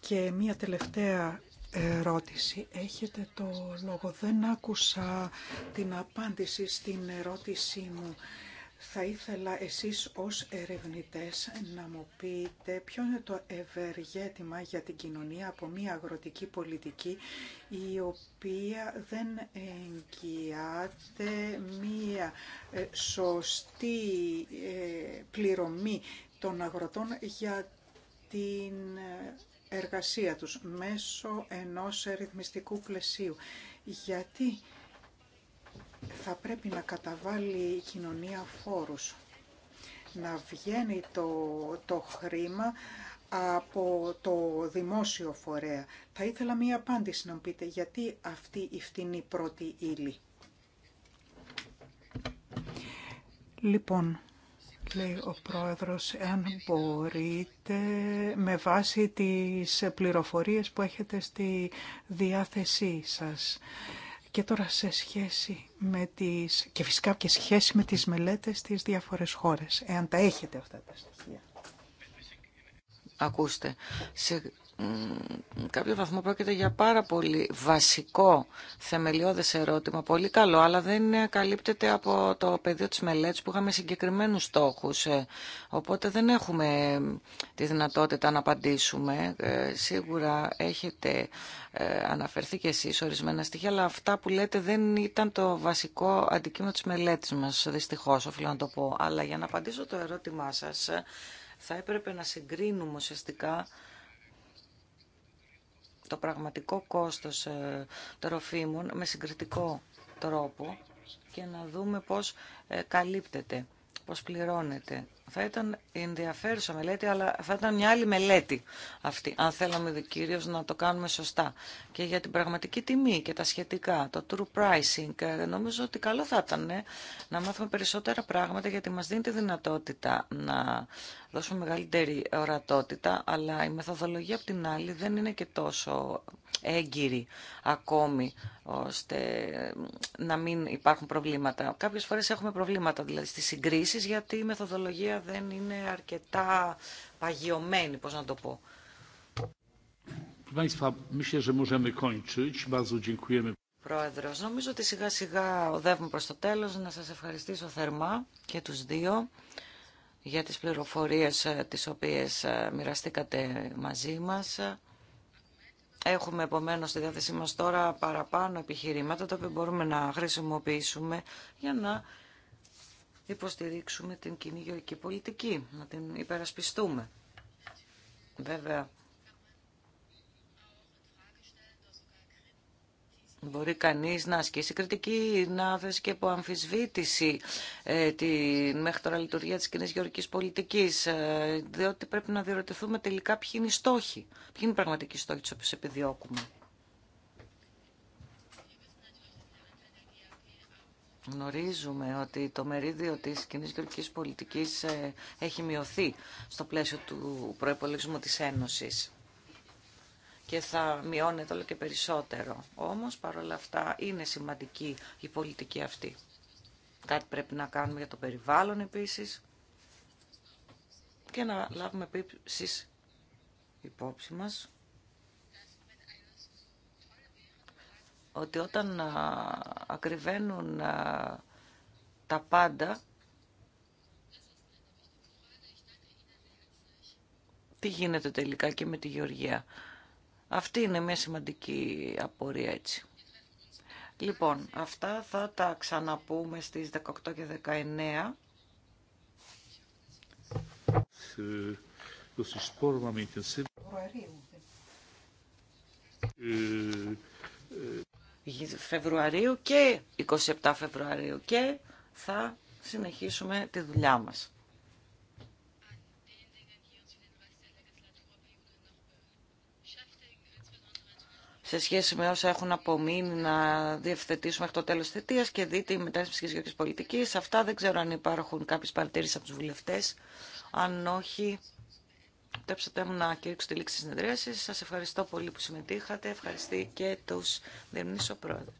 και μία τελευταία ερώτηση. Έχετε το λόγο. Δεν άκουσα την απάντηση στην ερώτησή μου θα ήθελα εσείς ως ερευνητές να μου πείτε ποιο είναι το ευεργέτημα για την κοινωνία από μια αγροτική πολιτική η οποία δεν εγγυάται μια ε, σωστή ε, πληρωμή των αγροτών για την ε, εργασία τους μέσω ενός ρυθμιστικού πλαισίου. Γιατί θα πρέπει να καταβάλει η κοινωνία φόρους, να βγαίνει το, το χρήμα από το δημόσιο φορέα. Θα ήθελα μία απάντηση να μου πείτε γιατί αυτή η φτηνή πρώτη ύλη. Λοιπόν, λέει ο πρόεδρος, εάν μπορείτε, με βάση τις πληροφορίες που έχετε στη διάθεσή σας. Και τώρα σε σχέση με τις... και φυσικά και σχέση με τις μελέτες στις διάφορες χώρες, εάν τα έχετε αυτά τα στοιχεία. Ακούστε, σε κάποιο βαθμό πρόκειται για πάρα πολύ βασικό θεμελιώδες ερώτημα, πολύ καλό, αλλά δεν καλύπτεται από το πεδίο της μελέτης που είχαμε συγκεκριμένους στόχους. Ε, οπότε δεν έχουμε τη δυνατότητα να απαντήσουμε. Ε, σίγουρα έχετε ε, αναφερθεί και εσείς ορισμένα στοιχεία, αλλά αυτά που λέτε δεν ήταν το βασικό αντικείμενο της μελέτης μας, δυστυχώς, οφείλω να το πω. Αλλά για να απαντήσω το ερώτημά σας, θα έπρεπε να συγκρίνουμε ουσιαστικά το πραγματικό κόστος ε, τροφίμων με συγκριτικό τρόπο και να δούμε πώς ε, καλύπτεται, πώς πληρώνεται. Θα ήταν ενδιαφέρουσα μελέτη, αλλά θα ήταν μια άλλη μελέτη αυτή, αν θέλαμε κυρίω να το κάνουμε σωστά. Και για την πραγματική τιμή και τα σχετικά, το true pricing, ε, νομίζω ότι καλό θα ήταν ε, να μάθουμε περισσότερα πράγματα, γιατί μας δίνει τη δυνατότητα να δώσουμε μεγαλύτερη ορατότητα, αλλά η μεθοδολογία από την άλλη δεν είναι και τόσο έγκυρη ακόμη, ώστε ε, να μην υπάρχουν προβλήματα. Κάποιες φορές έχουμε προβλήματα, δηλαδή στις συγκρίσεις, γιατί η μεθοδολογία δεν είναι αρκετά παγιωμένη, πώς να το πω. Πρόεδρος, νομίζω ότι σιγά σιγά οδεύουμε προς το τέλος. Να σας ευχαριστήσω θερμά και τους δύο για τις πληροφορίες ε, τις οποίες ε, μοιραστήκατε μαζί μας. Έχουμε επομένω στη διάθεσή μας τώρα παραπάνω επιχειρήματα τα οποία μπορούμε να χρησιμοποιήσουμε για να υποστηρίξουμε την κοινή γεωργική πολιτική, να την υπερασπιστούμε. Βέβαια, Μπορεί κανείς να ασκήσει κριτική, να βες και από αμφισβήτηση ε, τη, μέχρι τώρα λειτουργία της κοινή γεωργικής πολιτικής, ε, διότι πρέπει να διερωτηθούμε τελικά ποιοι είναι οι στόχοι, ποιοι είναι οι πραγματικοί στόχοι τους οποίους επιδιώκουμε. Γνωρίζουμε ότι το μερίδιο της κοινή κοινωνικής πολιτικής ε, έχει μειωθεί στο πλαίσιο του προϋπολογισμού της Ένωσης και θα μειώνεται όλο και περισσότερο. Όμως, παρόλα αυτά, είναι σημαντική η πολιτική αυτή. Κάτι πρέπει να κάνουμε για το περιβάλλον επίσης και να λάβουμε επίσης υπόψη μας ότι όταν ακριβένουν τα πάντα, τι γίνεται τελικά και με τη Γεωργία. Αυτή είναι μια σημαντική απορία έτσι. Λοιπόν, αυτά θα τα ξαναπούμε στις 18 και 19. Φεβρουαρίου και 27 Φεβρουαρίου και θα συνεχίσουμε τη δουλειά μας. σε σχέση με όσα έχουν απομείνει να διευθετήσουμε μέχρι το τέλο τη θητεία και δείτε η μετάσχεση τη γεωργική πολιτική. Αυτά δεν ξέρω αν υπάρχουν κάποιε παρατηρήσει από του βουλευτέ. Αν όχι, Επιτρέψτε μου να κηρύξω τη λήξη συνεδρίαση. Σα ευχαριστώ πολύ που συμμετείχατε. Ευχαριστώ και του διερμηνεί ο πρόεδρο.